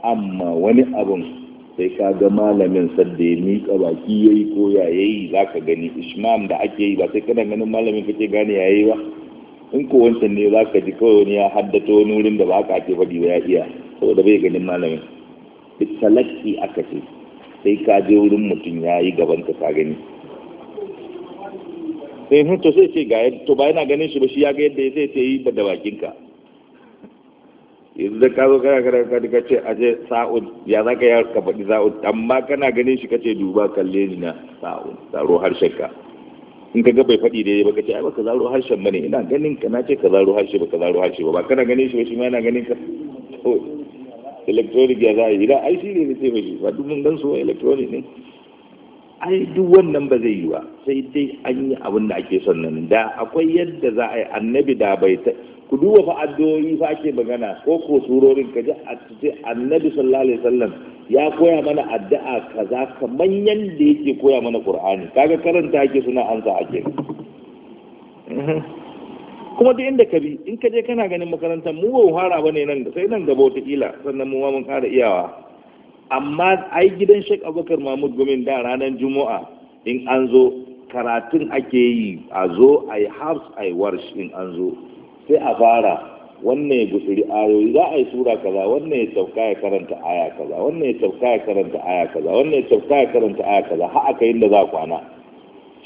amma wani abin sai ka ga malamin sadda ya miƙa baki ya yi ko ya yi za ka gani ishmam da ake yi ba sai kana ganin malamin kake gane ya yi ba in ko wancan ne za ka ji kawai wani ya haddata wani wurin da ba ka ake faɗi ba ya iya saboda bai ganin malamin talaki aka ce sai ka je wurin mutum ya yi gaban ka ka gani sai eh, to sai ce ga to ba yana ganin shi ba shi ya ga yadda ya sai ce yi da bakinka yanzu da ka zo kana kana ka ka ce aje sa'ud ya za ka yi ka faɗi sa'ud amma kana ganin shi ka ce duba kalle ni na sa'ud zaro harshen ka in ka ga bai faɗi da ba ka ce ai baka zaro harshen ba ne ina ganin ka na ce ka zaro harshe ba ka zaro harshe ba ba kana ganin shi ba shi ma yana ganin ka to electronic ya za a yi da ai shi ne sai ba shi ba duk mun gan su electronic ne ai duk wannan ba zai yi ba sai dai an yi abin da ake son nan da akwai yadda za a yi annabi da bai ku duba fa addu'o'i fa ake magana ko ko surorin ka ji a cikin annabi sallallahu alaihi wasallam ya koya mana addu'a kaza kaman yanda yake koya mana qur'ani kaga karanta ake suna ansa ake *laughs* kuma duk inda ka bi in ka je kana ganin makarantar mu ba fara bane nan sai nan gaba wata kila sannan mu ma mun fara iyawa amma ai gidan Sheikh Abubakar Mahmud Gumin da ranar Juma'a in an zo karatun ake yi a zo a yi hafs in an zo sai a fara wannan ya gusuri ayoyi za a yi sura kaza wannan ya sauka ya karanta aya kaza wannan ya sauka ya karanta aya kaza wannan ya sauka ya karanta aya kaza har aka yin da za kwana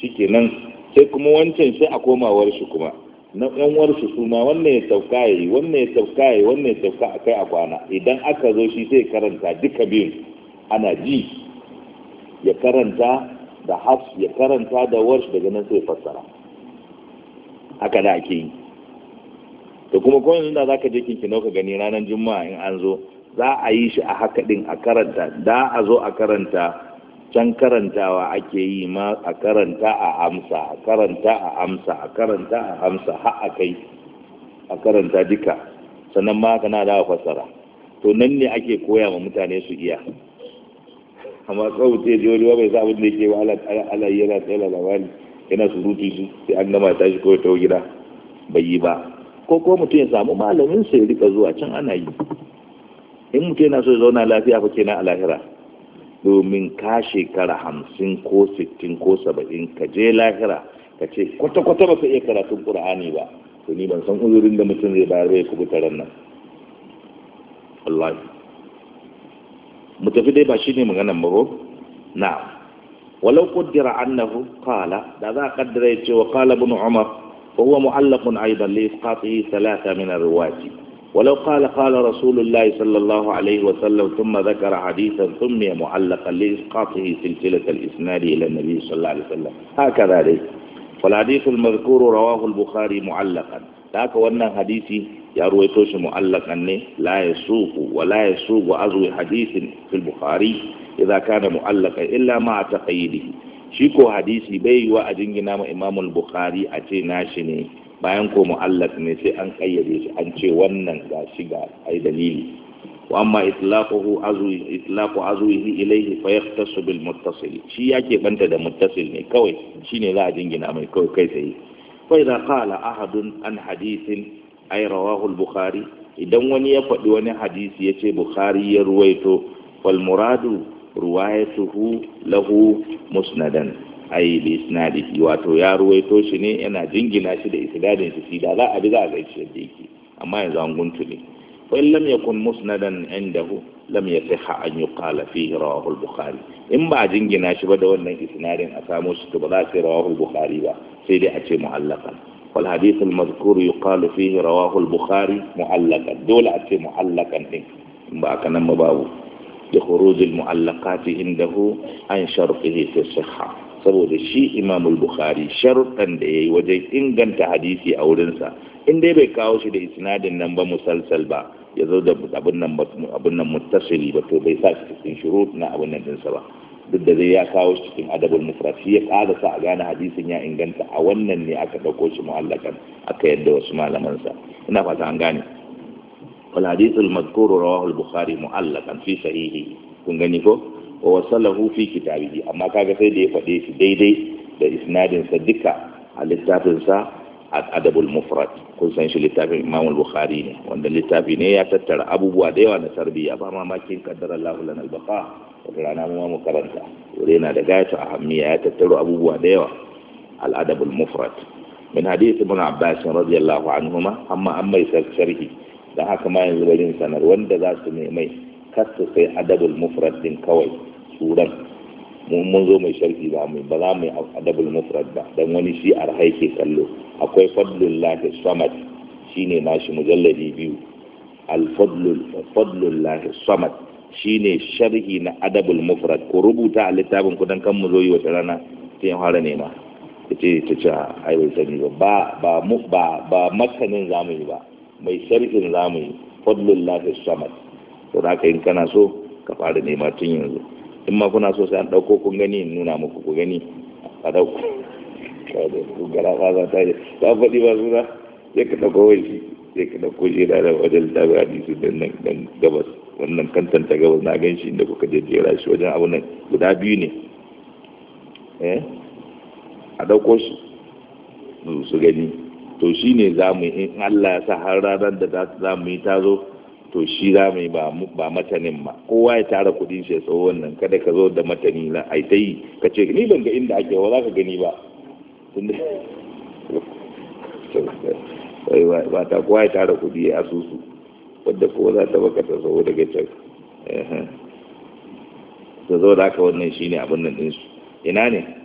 shikenan sai kuma wancan sai a komawar shi kuma na ɗan warsu su ma wannan ya sauka ya yi wannan ya sauka ya yi wannan ya sauka a kai a kwana idan aka zo shi sai karanta duka biyun ana ji ya karanta da hafs ya karanta da warsh daga nan sai fassara haka da ake yi da kuma ko yanzu za ka je kinkinau ka gani ranar juma'a in an zo za a yi shi a haka din a karanta da a zo a karanta can karantawa ake yi ma a karanta a amsa a karanta a amsa a karanta a amsa har a kai a karanta duka sannan ma kana da fasara to nan ne ake koya ma mutane su iya amma kawai ta je wani bai sa abin da yake ba ala yana tsaye labari yana surutu su sai an gama tashi kawai ta gida bai yi ba ko ko mutum ya samu malamin sa ya rika zuwa can ana yi in mutum yana so ya zauna lafiya fa kenan a lahira domin ka shekara hamsin ko sittin ko saba'in ka je lahira ka ce kwata-kwata ba ka iya karatun ƙur'ani ba to ni ban san uzurin da mutum zai bayar bai kubuta ran nan wallahi mu tafi dai ba shine maganar maro na walau qaddara annahu qala da za a kaddara ya ce wa qala ibn umar وهو معلق أيضا لإسقاطه ثلاثة من الرواة ولو قال قال رسول الله صلى الله عليه وسلم ثم ذكر حديثا سمي معلقا لإسقاطه سلسلة الإسناد إلى النبي صلى الله عليه وسلم هكذا ليس والحديث المذكور رواه البخاري معلقا ذاك وأن حديثي ya ruwaito معلقا لا يسوق ولا يسوق suku حديث في البخاري اذا كان معلقا الا مع تقييده shi ko hadisi bai yi wa a jingina ma imamul bukhari a ce nashi ne bayan ko mu'allaf ne sai an kayyade shi an ce wannan ga shi ga ai dalili wa amma itlaquhu azwi itlaqu azwihi ilayhi fa yaqtasu bil muttasil shi yake banta da muttasil ne kawai shine za a jingina mai kawai kai tsaye fa idza qala ahadun an hadithin ay rawahu al bukhari idan wani ya faɗi wani hadisi ya ce bukhari ya ruwaito wal muradu ruwayatuhu lahu musnadan ai bi isnadihi wato ya ruwaito shi ne yana jingina shi da isnadin shi shi da za a bi za a ga shi da yake amma yanzu an guntule fa in lam yakun musnadan indahu lam yasiha an yuqala fihi rawahu al-bukhari in ba jingina shi ba da wannan isnadin a samo shi to ba za a rawahu al-bukhari ba sai dai a ce mu'allaqan wal hadith al-madhkur yuqalu fihi rawahu al-bukhari mu'allaqan dole a ce mu'allaqan din in ba haka ba babu لخروج المعلقات عنده عن شرطه في الصحة saboda shi imamul bukhari sharuɗan da ya yi wajen inganta hadisi a wurinsa in dai bai kawo shi da isnadin nan ba musalsal ba ya zo da abin nan abin nan ba to bai sa shi shurut na abin nan dinsa ba duk da zai ya kawo cikin adabul mufrad shi ya ƙara sa a gane hadisin ya inganta a wannan ne aka ɗauko shi mu'allakan aka yadda wasu malamansa ina fata an gane wal hadithul madhkur rawahu al-bukhari mu'allaqan fi sahihi kun gani ko wa wasalahu fi kitabihi amma kaga sai da ya faɗe shi daidai da isnadin sa a littafin sa adabul mufrad kun san shi littafin imam al-bukhari ne wanda littafi ne ya tattara abubuwa da yawa na tarbiyya ba mamakin kaddara Allahu lana al-baqa wata rana mu ma mu karanta yana da a ahammiya ya tattara abubuwa da yawa al mufrad min حديث ابن عباس رضي الله عنهما أما أما يسال شرحه da haka ma yanzu bari sanar wanda za su mai kasu sai adabul mufrad din kawai suran mun zo mai sharhi ba mai ba za mu adabul mufrad ba dan wani shi arhai ke kallo akwai fadlul lahi samad shine nashi mujalladi biyu al fadlul fadlul lahi samad shine sharhi na adabul mufrad ko rubuta a littafin ku dan kan mu zo yi wata rana sai ya fara nema ta ce ta ce ai bai sani ba ba ba makanin zamu yi ba mai sharhin zamani fadlun lafis samad to da haka in kana so ka fara nema tun yanzu in ma kuna so sai an dauko kun gani in nuna muku ku gani a dauko kada ku gara ba za ta yi ba faɗi ba suna sai ka dauko wai shi sai ka dauko shi da wajen littafin hadisi da nan dan gabas wannan kantanta gabas na gan shi inda kuka jejjera shi wajen abu nan guda biyu ne eh a dauko shi su gani to shi ne za mu yi in Allah ya sa har ranar da za mu yi tazo to shi za mu yi ba matanin ma kowa ya tara kudin shi tsawo wannan kada ka zo da matani na ai ta yi ka ce ni ban ga inda ake wa za ka gani ba *laughs* ba ta kowa ya tara kudi ya asusu wadda kowa za ta baka ta tsawo daga can ta zo da aka wannan shi ne abin nan ɗinsu ina ne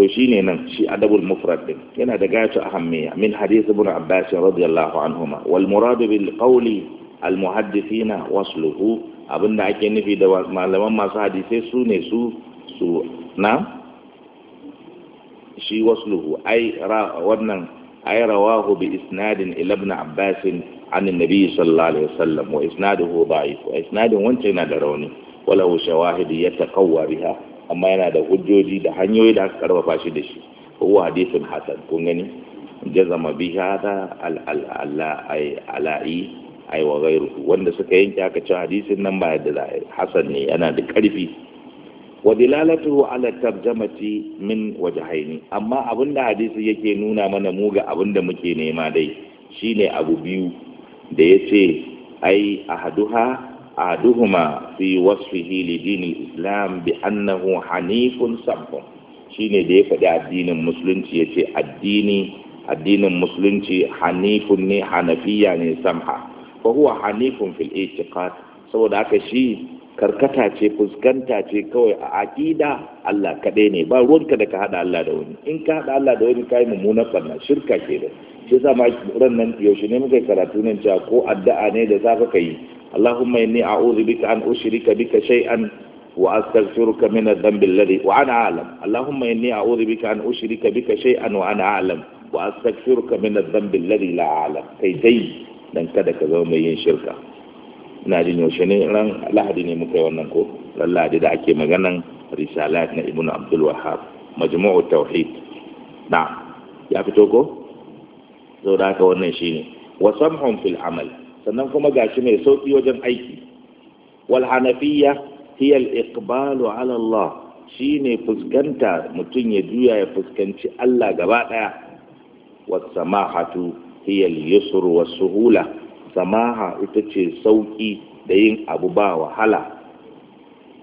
to shine nan shi adabul mufrad din yana da gayatu ahammiya min hadith ibn abbas radiyallahu anhuma wal murad bil qawli al muhaddithina wasluhu abinda ake nufi da malaman masu hadisai su ne su su na shi wasluhu ai ra wannan ai rawahu bi isnadin ila ibn abbas عن النبي صلى الله عليه وسلم وإسناده ضعيف وإسناده وانت نادروني وله شواهد يتقوى بها amma yana da hujjoji da hanyoyi da aka karfafa shi da shi huwa hadithun hasan kun gani jazama bi hada al'ala'i ai wa gairu wanda suka yanke aka cewa hadisin nan ba da hasan ne yana da karfi wa dilalatu ala tarjamati min wajhaini amma abinda hadisi yake nuna mana mu ga abinda muke nema dai shine abu biyu da yace ai ahaduha ahaduhuma fi wasfihi li dini islam bi annahu hanifun sabbun shine da ya faɗi addinin musulunci ya ce addini addinin musulunci hanifun ne hanafiya ne samha fa huwa hanifun fil saboda haka shi karkata ce fuskanta ce kawai a aƙida. Allah kaɗai ne ba ruwanka da ka hada Allah da wani in ka haɗa Allah da wani kai mummunan barna shirka ke da shi yasa ma ran nan yaushe muka karatu nan cewa ko addu'a ne da zaka kai اللهم إني أعوذ بك أن أشرك بك شيئا وأستغفرك من الذنب الذي وأنا أعلم اللهم إني أعوذ بك أن أشرك بك شيئا وأنا أعلم وأستغفرك من الذنب الذي لا أعلم كي دي dan kada ka zama mai yin shirka ina jin yaushe ne ran lahadi ne muka yi wannan ko ran lahadi da ake maganan risalat na ibnu abdul wahhab majmu'u tauhid na ya fito ko zo da haka wannan shine wa samhum fil amal sannan kuma gashi mai sauki wajen aiki wal hanafiyya hiya al iqbalu ala Allah shine fuskanta mutum ya juya ya fuskanci Allah gaba daya was samahatu hiya al yusr was suhula samaha ita ce sauki da yin abu ba wahala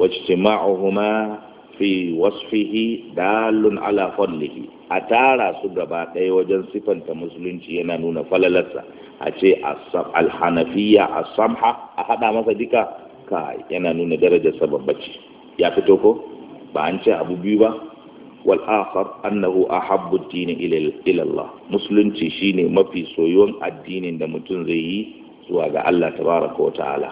wajtima'uhuma fi wasfihi dalun ala fadlihi a tara su gaba ɗaya wajen sifanta musulunci yana nuna falalarsa a ce alhanafiya a samha a haɗa masa duka ka yana nuna darajar sababbaci ya fito ko ba an ce abu biyu ba wal akhar annahu ahabbu dini din ila Allah musulunci shine mafi soyuwan addinin da mutum zai yi zuwa ga Allah tabaraka wa ta'ala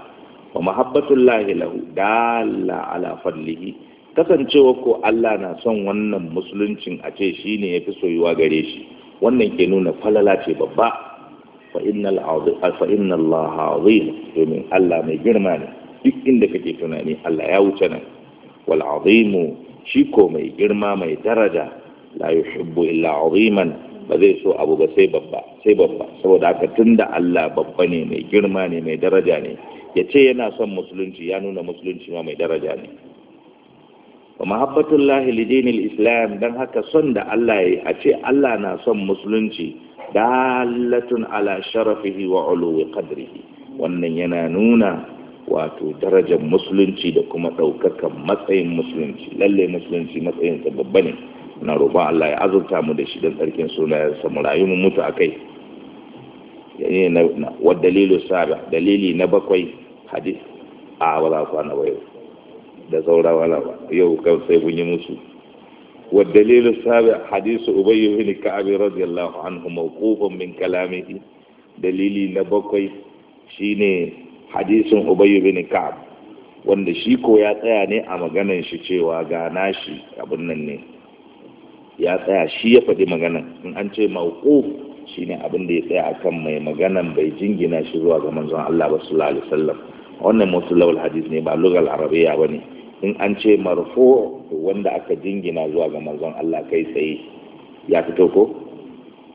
wa mahabbatullahi lahu dalla ala fadlihi kasancewa ko Allah na son wannan musuluncin a ce shi ne ya fi soyuwa gare shi wannan ke nuna falala ce babba fa'in Allah azim domin Allah mai girma ne duk inda kake tunani Allah ya wuce nan wal azimu shi ko mai girma mai daraja la yuhibbu illa aziman ba zai so abu ba sai babba sai babba saboda haka da Allah babba ne mai girma ne mai daraja ne ya ce yana son musulunci ya nuna musulunci ma mai daraja ne wa mahabbatullahi lidinil islam dan haka son da Allah yi. a ce Allah na son musulunci dalatun ala sharafihi wa uluwi qadrihi wannan yana nuna wato darajar musulunci da kuma ɗaukakan matsayin musulunci lalle musulunci matsayinsa babba ne na roba Allah ya azurta mu da shi don tsarkin sunayensa mu rayu mu mutu akai wa dalilu sabi dalili na bakwai hadis a wala kwana wayo da saurawa wala ba yau kan sai kun yi musu wa dalilu sabi hadisu ubay ibn ka'ab radiyallahu anhu mawqufan min kalamihi dalili na bakwai shine hadisin ubay ibn ka'ab wanda shi ko ya tsaya ne a maganan shi cewa ga nashi abun nan ne ya tsaya shi ya faɗi maganan in an ce mawquf shine abin da ya tsaya akan mai maganan bai jingina shi zuwa ga manzon Allah ba sallallahu alaihi wasallam wannan musulawul hadis ne ba lugal arabiya bane in an ce marfo wanda aka jingina zuwa ga manzon Allah kai tsaye ya fito ko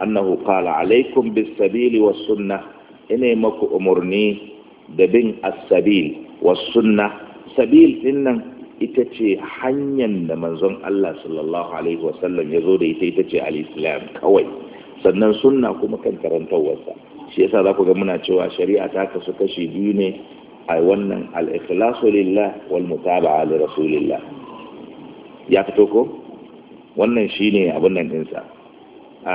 annahu qala alaikum bis sabili was sunnah ina maku umurni da bin as-sabil was sunnah sabil din nan ita ce hanyar da manzon Allah sallallahu alaihi wasallam ya zo da ita ita ce al kawai sannan sunna kuma kan karantawarsa shi yasa za ku ga muna cewa shari'a ta kasu kashi biyu ne a wannan al’ikhlasu ikhlasu lillah wal mutaba'a li rasulillah ya fito ko wannan shi abin nan dinsa a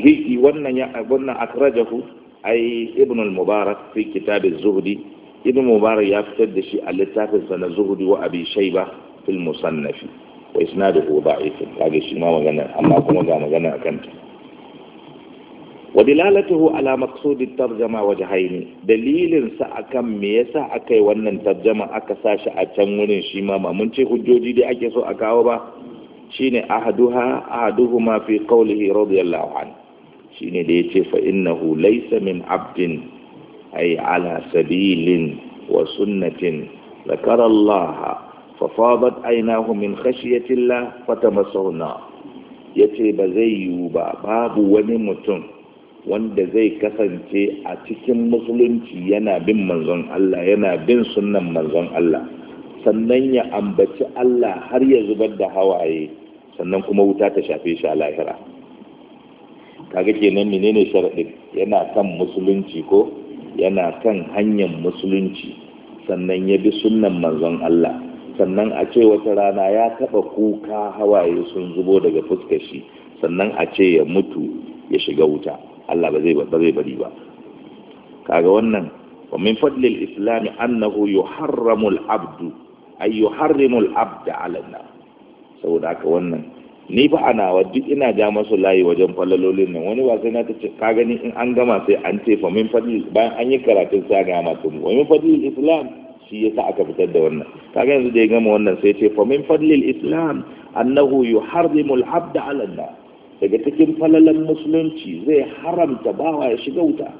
hiki wannan ya wannan akrajahu ai ibn al-mubarak fi kitabin zuhudi zuhdi ibn mubarak ya fitar da shi a littafin na zuhdi wa abi shaiba, fil musannafi wa isnaduhu da'if kage shi ma magana amma kuma ga magana akan ta wa dilalatuhu ala maqsudit tarjama waje haini. Dalilinsa akan me yasa akai wannan tarjama aka sashi a can wurin shima ma mun ce hujjoji dai ake so a kawo ba shine ahaduha ahaduhuma fi qawlihi radiyallahu anhu shine da yace fa innahu laysa min abdin ay ala sabilin wa sunnatin ذكر الله ففاضت عيناه من خشية الله فتمسه النار yace ba zai yiwu ba babu wani mutum wanda zai kasance a cikin musulunci yana bin manzon Allah yana bin sunnan manzon Allah sannan ya ambaci Allah har ya zubar da hawaye sannan kuma wuta ta shafe shi a lahira kaga kenan menene sharadin yana kan musulunci ko yana kan hanyar musulunci sannan ya bi sunnan manzon Allah sannan a ce wata rana ya taba kuka hawaye sun zubo daga fuskar shi sannan a ce ya mutu ya shiga wuta Allah ba zai ba zai bari ba kaga wannan wa min fadli al-islam annahu yuharramu al-abd ay yuharrimu al-abd ala an saboda haka wannan ni fa ana wa duk ina ga masu layi wajen falalolin nan wani ba sai na ta ce ka gani in an gama sai an ce fa min fadli bayan an yi karatun sai ga masu wa min fadli al-islam shi yasa aka fitar da wannan kaga yanzu da ya gama wannan sai ce fa min fadli al-islam annahu yuharrimu al-abd ala an daga cikin falalan musulunci zai haramta bawa ya shiga wuta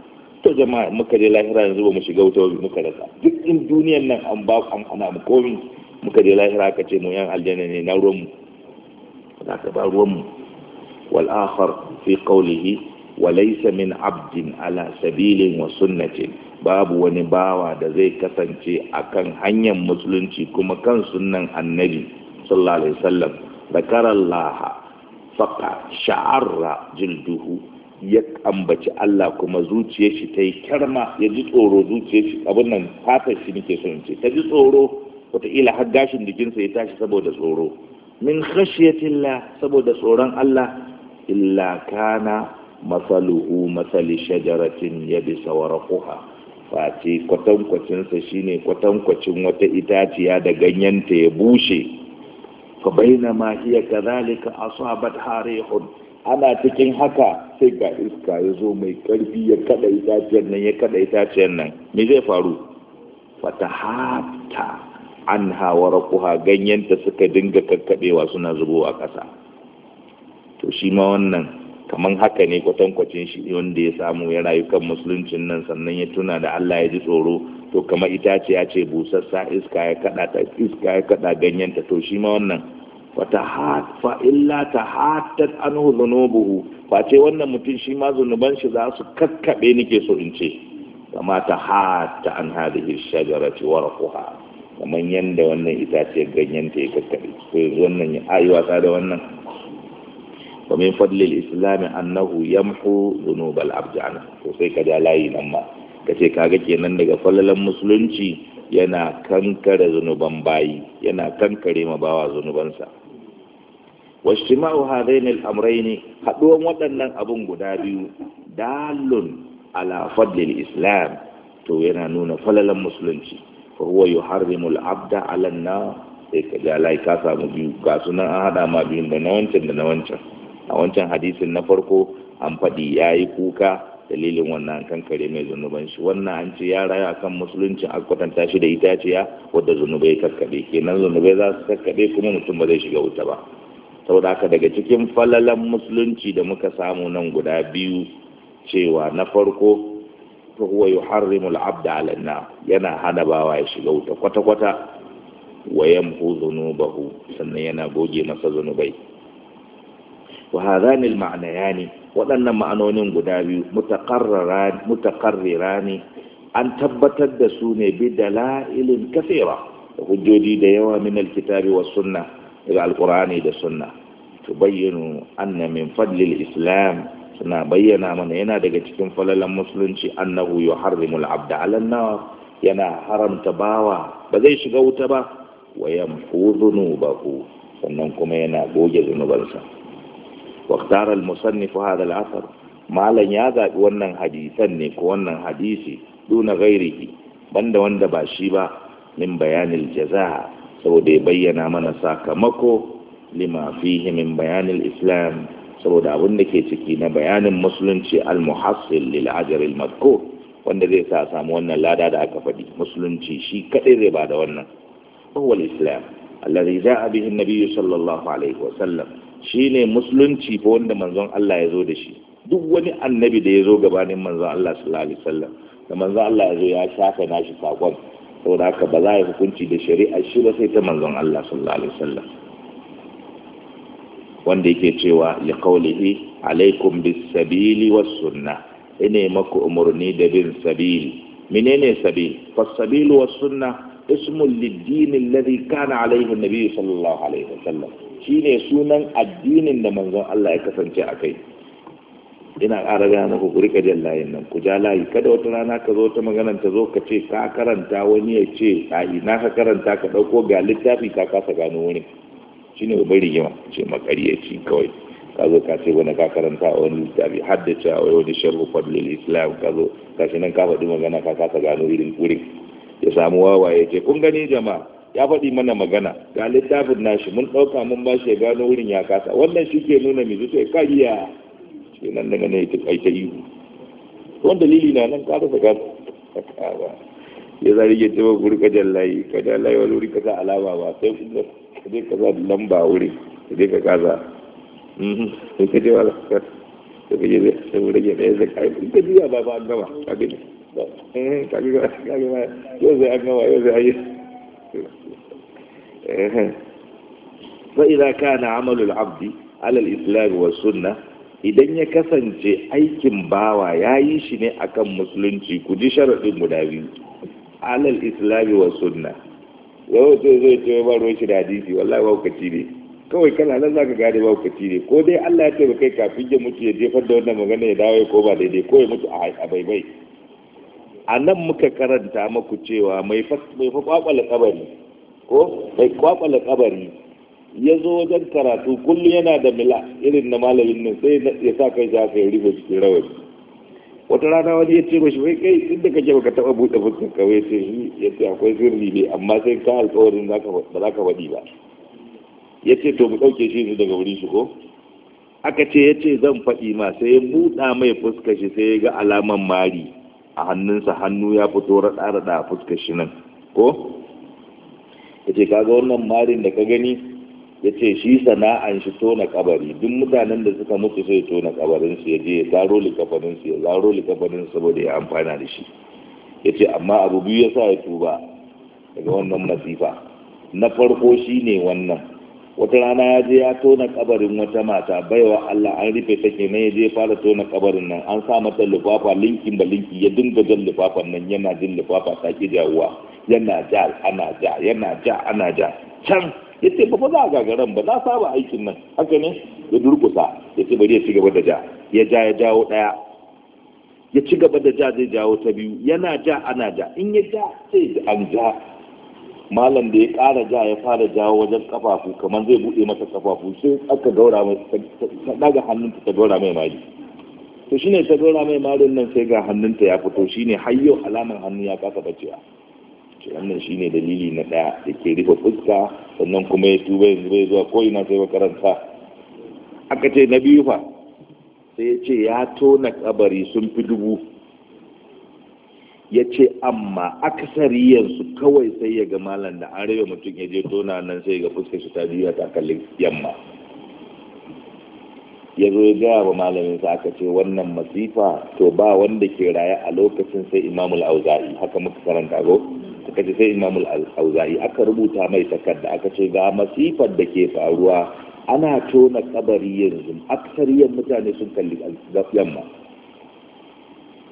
to jama'a muka je lahira yanzu ba mu shiga wuta ba muka rasa duk in duniyan nan an ba an ana mu komi muka je lahira ka ce mu yan aljanna ne na ruwanmu da ka ba ruwanmu wal akhar fi qawlihi laysa min abdin ala sabilin wa sunnatin babu wani bawa da zai kasance akan hanyar musulunci kuma kan sunnan annabi sallallahu alaihi wasallam zakarallaha faka sha'arra jilduhu ya ambaci Allah kuma zuciya shi ta yi kyarma ya ji tsoro zuciya shi abin nan fatar shi nake son ce ta ji tsoro wataƙila har gashin jikinsa ya tashi saboda tsoro min khashiyatillah saboda tsoron Allah illa kana masaluhu masali shajaratin ya bi raquha face kwatankwacinsa shine kwatankwacin wata itaciya da ganyenta ya bushe fa bainama hiya kadhalika asabat harihun ana cikin haka sai ga iska ya zo mai karfi ya kada itaciyar nan ya kada itaciyar nan me zai faru fatahata an hawa rakuha ganyenta suka dinga kakkaɓewa suna zubo a ƙasa to shi ma wannan kaman haka ne kwatankwacin shi wanda ya samu ya rayu kan musuluncin nan sannan ya tuna da Allah ya ji tsoro to kamar itaciya ce busassa iska ya kada ta iska ya kada ganyen ta to shi ma wannan wata fa illa ta hatat anhu dhunubuhu face wannan mutum shi ma zunuban shi za su kakkabe nake so in ce kama ta hatta an hadhihi shajarati warquha kamar yanda wannan itaciyar ganyen ta ya kakkabe to wannan ya ayi wasa da wannan ومن فضل الإسلام أنه to sai ka da layi nan ma ka ce kaga kenan daga falalan musulunci yana kankare zunuban bayi yana kankare ma bawa zunubansa washtima'u hadain al-amrayn haduwan waɗannan abun guda biyu dalun ala fadlil islam to yana nuna falalan musulunci fa huwa yuharrimu al-abda ala na sai ka ga lai ka samu biyu ga sunan an hada ma biyun da na wancan da na wancan a wancan hadisin na farko an faɗi yayi kuka dalilin wannan an kankare mai zunuban shi wannan an ce ya rayu akan musulunci a kwatanta shi da itaciya wadda zunubai kakkabe kenan zunubai za su kakkabe kuma mutum ba zai shiga wuta ba saboda haka daga cikin falalan musulunci da muka samu nan guda biyu cewa na farko huwa yi al-abd yana hana bawa ya shiga wuta kwata kwata wa yamhu zunubahu? sannan yana goge masa zunubai wa hadhani al-ma'nayani waɗannan ma'anonin guda biyu mutakarrira ne an tabbatar da su ne bi dalailin kafira da hujjoji da yawa min alkitabi wa sunna daga alkurani da sunna tubayyinu anna min fadlil islam suna bayyana mana yana daga cikin falalan musulunci annahu yuharrimu al-abda ala yana haramta bawa ba zai shiga wuta ba wa yamhu dhunubahu sannan kuma yana goge zunubansa واختار المصنف هذا الأثر malam ya zaɓi wannan hadisan ne ko wannan hadisi duna gairiki banda wanda ba shi ba min bayanil jaza saboda ya bayyana mana sakamako lima fihi min bayanil islam saboda abin da ke ciki na bayanin musulunci al-muhassil lil ajr al wanda zai sa samu wannan lada da aka faɗi musulunci shi kaɗai zai bada wannan huwa al-islam alladhi ja'a bihi an-nabiy sallallahu alaihi wa sallam shine musulunci fa wanda manzon Allah ya zo da shi duk wani annabi da ya zo gabanin manzon Allah sallallahu alaihi wasallam da manzon Allah ya zo ya shafa nashi sakon saboda haka ba za a yi hukunci da shari'a shi ba sai ta manzon Allah sallallahu alaihi wasallam wanda yake cewa li qawlihi alaikum bis sabili was sunnah ine maku umurni da bin sabili menene sabil fas sabilu was sunnah ismun lid-din alladhi kana alaihi an-nabi sallallahu alaihi wasallam Shi ne sunan addinin da manzon Allah ya kasance a kai ina ƙara gaya na ku ka jan layin nan ku ja layi kada wata rana ka zo ta maganan ta zo ka ce ka karanta wani ya ce a na ka karanta ka ɗauko ga littafi ka kasa gano wani ne babban rigima ce makaryaci kawai ka zo ka ce wani ka karanta a wani littafi haddace a wani sharhu fadlil islam ka zo ka shi nan ka faɗi magana ka kasa gano irin wurin ya samu wawaye ce kun gani jama'a ya faɗi mana magana ga littafin nashi mun ɗauka mun ba shi ya gano wurin ya kasa wannan shi ke nuna mai zuciya kariya shi nan daga ne ta kai ta ihu wani dalili na nan ka rasa kasa ba ya zari ya ce ba guri ka jallayi ka jallayi wani wuri kasa alama ba sai kuma ka je ka za da lamba wuri ka je ka kasa mhm. sai ka je wa lafiya sai ka je da wuri ya ɗaya zai kai ka juya ba ba an gama eh, ka gani ka gani yau zai an gama yau zai an yi fa idza kana amalul abdi ala al-islam wa sunnah idan ya kasance aikin bawa ya yi shi ne akan musulunci ku ji sharaɗin guda biyu alal islam wa sunna yau ce zai ce ba ruwan shi da hadisi wallahi waukaci ne kawai kana nan zaka gane waukaci ne ko dai Allah ya taimaka kai kafin ya mutu ya jefar da wannan magana ya dawo ko ba daidai ko ya mutu a baibai a nan muka karanta maku cewa mai fa kwakwala kabari ko bai kwakwala kabari ya zo wajen karatu kullum yana da mila irin na malamin nan sai ya sa kai shafa ya rufe cikin rawar wata rana wani ya ce mashi wai kai inda ba baka taba buɗe fuskar ka wai sai shi ya ce akwai sirri ne amma sai ka alƙawarin ba za ka faɗi ba ya ce to mu ɗauke shi ne daga wuri shi ko aka ce ya ce zan faɗi ma sai ya buɗa mai fuskar shi sai ya ga alaman mari a hannunsa hannu ya fito raɗa-raɗa a fuskar shi nan ko yace kaga wannan marin da ka gani yace shi sana'an shi tona kabari duk mutanen da suka mutu sai tona kabarin su ya je ya zaro su ya zaro likafanin saboda ya amfana da shi yace amma abu biyu ya sa ya tuba daga wannan masifa na farko shi ne wannan wata rana ya je ya tona kabarin wata mata baiwa Allah an rufe ta nan ya je fara tona kabarin nan an sa mata lufafa linkin ba linki ya dinga jan lufafan nan yana jin lufafa ta ki jawuwa yana ja ana ja yana ja ana ja can ya ce ba za a gagaran ba na saba aikin nan haka ne ya durkusa ya ce bari ya ci gaba da ja ya ja ya jawo ɗaya ya ci gaba da ja zai jawo ta biyu yana ja ana ja in ya ja sai an ja malam da ya ƙara ja ya fara jawo wajen kafafu kamar zai bude masa kafafu sai aka gaura mai ta daga hannunta ta gaura mai mari to shine ta gaura mai marin nan sai ga hannunta ya fito shine har yau alamar hannu ya kasa bacewa wannan ne dalili na ɗaya da ke rufe fuska sannan kuma ya tuba yanzu bai zuwa ko ina sai makaranta aka ce na biyu fa sai ya ce ya tona kabari sun fi dubu ya ce amma akasari yanzu kawai sai ya ga malam da an rabe mutum ya je tona nan sai ga fuskar shi ta biyu ta kallin yamma ya zo ya gaya ba malamin sa aka ce wannan masifa to ba wanda ke raya a lokacin sai imamul auza'i haka muka karanta go suka ce sai imamul auza'i aka rubuta mai takarda aka ce ga masifar da ke faruwa ana tona kabari yanzu aksariyar mutane sun kalli yamma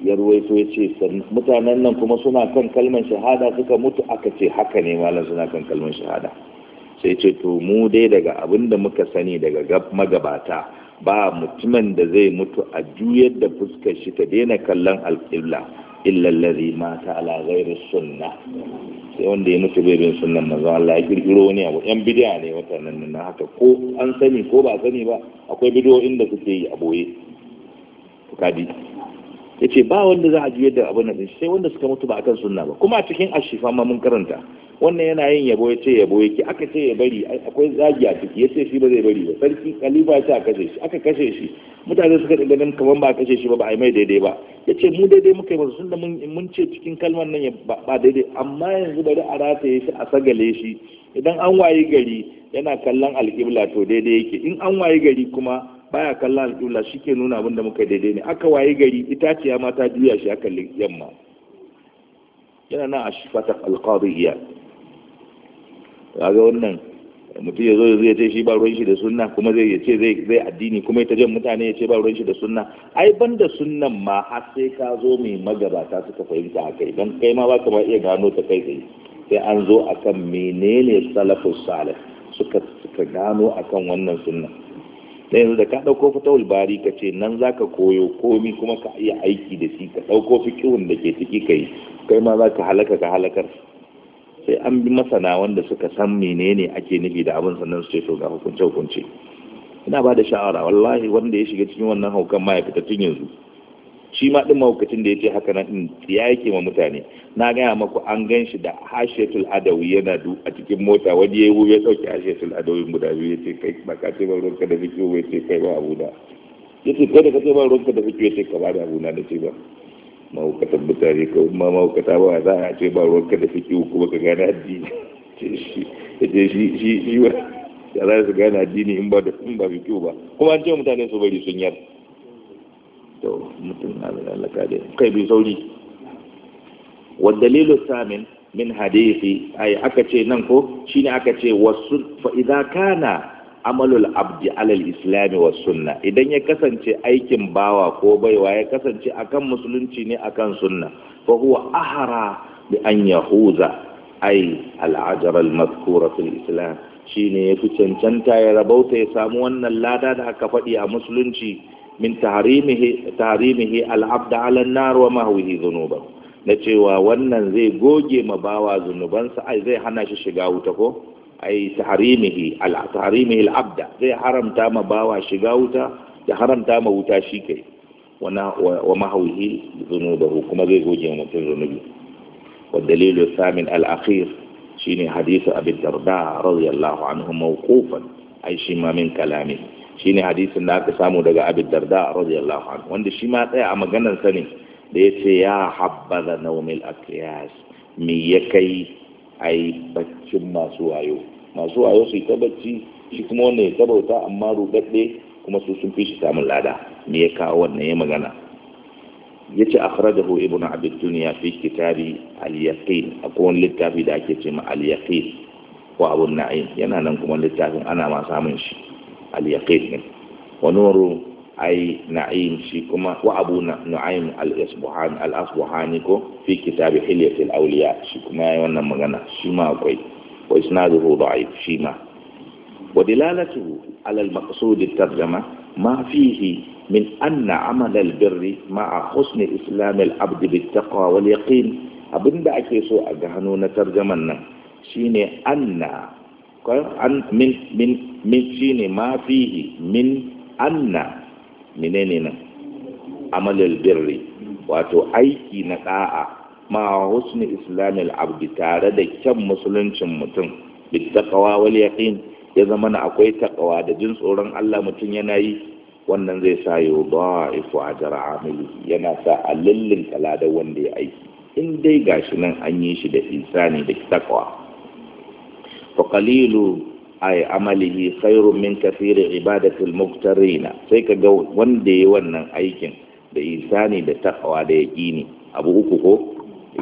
ya ruwaito ya ce mutanen nan kuma suna kan kalman shahada suka mutu aka ce haka ne malam suna kan kalman shahada sai ce to mu dai daga abin da muka sani daga magabata ba mutumin da zai mutu a juyar da fuskar shi ta daina kallon alƙibla illallazi mata ala ghairi sunna sai wanda ya mutu bai bin sunnan manzo Allah ya kirkiro wani abu yan bid'a ne watannan nan haka ko an sani ko ba sani ba akwai bid'o'in da suke yi a boye kadi yace ba wanda za a juyar da abin da sai wanda suka mutu ba akan sunna ba kuma a cikin ashifa ma mun karanta wannan yana yin yabo ce yabo yake aka ce ya bari akwai zagi a ciki ya ce shi ba zai bari ba sarki kalifa ya ce a kashe shi aka kashe shi mutane suka ɗin ganin kaman ba a kashe shi ba ba a yi mai daidai ba yace mu daidai muka yi ba sunna mun mun ce cikin kalmar nan ba daidai amma yanzu bari a rataye shi a sagale shi idan an wayi gari yana kallon alƙibla to daidai yake in an wayi gari kuma baya kallon al'ula shi ke nuna abin da muka daidai ne aka waye gari itaciya ma ta juya shi aka yamma yana nan a shifata alƙadiyya ga wannan mutum ya zo ya ce shi ba ruwan shi da sunna kuma zai ce zai addini kuma ita jan mutane ya ce ba ruwan shi da sunna ai ban da sunnan ma har sai ka zo mai magabata suka fahimta a kai don kai ma ba ma iya gano ta kai tsaye sai an zo akan menene salafus salaf suka suka gano akan wannan sunnan da yanzu da ka ɗauko fatawul bari ka ce nan za ka koyo komi kuma ka iya aiki da shi ka ɗauko fikihun da ke ciki ka yi kai ma za ka halaka ka halakar sai an bi masana wanda suka san menene ake nufi da abin sannan su ce to ga hukunce hukunce ina ba da sha'ara wallahi wanda ya shiga cikin wannan haukan ma ya fita tun yanzu shi ma ɗin mahaukacin da ya ce haka nan ya yake ma mutane na gaya maku an gan shi da hashetul adawi yana du a cikin mota wani ya yi wuri ya ɗauki hashetul adawi guda biyu ya ce kai ba ka ce ba ruwanka da fikiyo ya ce kai ba abu da ya ce kai da ka ce ba ruwanka da fikiyo ya ce ka ba da abu na da ce ba mahaukatan mutane ka ma mahaukata ba za a ce ba ruwanka da fikiyo kuma ka gane addini ya ce shi shi shi ya za su gane addini in ba da in ba fikiyo ba kuma an ce mutane su bari sun yar to mutum na da kai bi wa samin min hadisi ai aka ce nan ko shine aka ce wasu fa idza kana amalul abdi alal islami wa sunna idan ya kasance aikin bawa ko baiwa ya kasance akan musulunci ne akan sunna fa huwa ahara bi an yahuza ai ajr al-mazkura fil islam shine ya cancanta ya rabauta ya samu wannan lada da aka faɗi a musulunci min taharimihi taharimihi al-abda ala an-nar wa mahwihi dhunuban na cewa wannan zai goge ma bawa zunubansa ai zai hana shi shiga wuta ko ai taharimihi al-taharimihi al'abda. zai haramta ma bawa shiga wuta da haramta ma wuta shi kai wa mahwihi dhunubahu kuma zai goge ma mutum zunubi والدليل الثامن الأخير شيني حديث أبي الدرداء رضي الله عنه موقوفا أي شيما من كلامه shine hadisin da aka samu daga abin Darda radiyallahu anhu wanda shi ma tsaya a maganar sa ne da yace ya da nawmil aqyas me ya kai ai baccin masu wayo masu wayo su ta bacci shi kuma wanda ya tabauta amma rudadde kuma su sun fi shi samun lada me ya kawo wannan ya magana yace akhrajahu ibnu abi dunya fi kitabi al-yaqin akwai littafi da ake ce ma al-yaqin ko abun na'im yana nan kuma littafin ana ma samun shi al-yaqin ni wa nuru ay na'im shi kuma wa abu nu'aim al-asbuhan ko fi kitab hilyat al-awliya shi wannan magana shi ma akwai wa isnaduhu da'if shi ma wa dilalatu ala al-maqsud tarjama ma fihi min anna amal al-birr ma'a husni islam al-abd bit yaqin abinda ake so a ga hannu na tarjaman nan shine anna min min min shi ne ma fihi min anna ne nan amalil birri wato aiki na da'a ma husni islamil abdi tare da kyan musuluncin mutum bit takawa wal yaqin ya zama na akwai taƙawa da jin tsoron Allah mutum yana yi wannan zai sa yudha'ifu ajra amili yana sa a lullun kala da wanda ya aiki in dai gashi nan an yi shi da insani da takawa fa qalilu ay amalihi khairun min kathiri ibadatil muftarina sai ka ga wanda yayi wannan aikin da isani da takawa da yaqini abu uku ko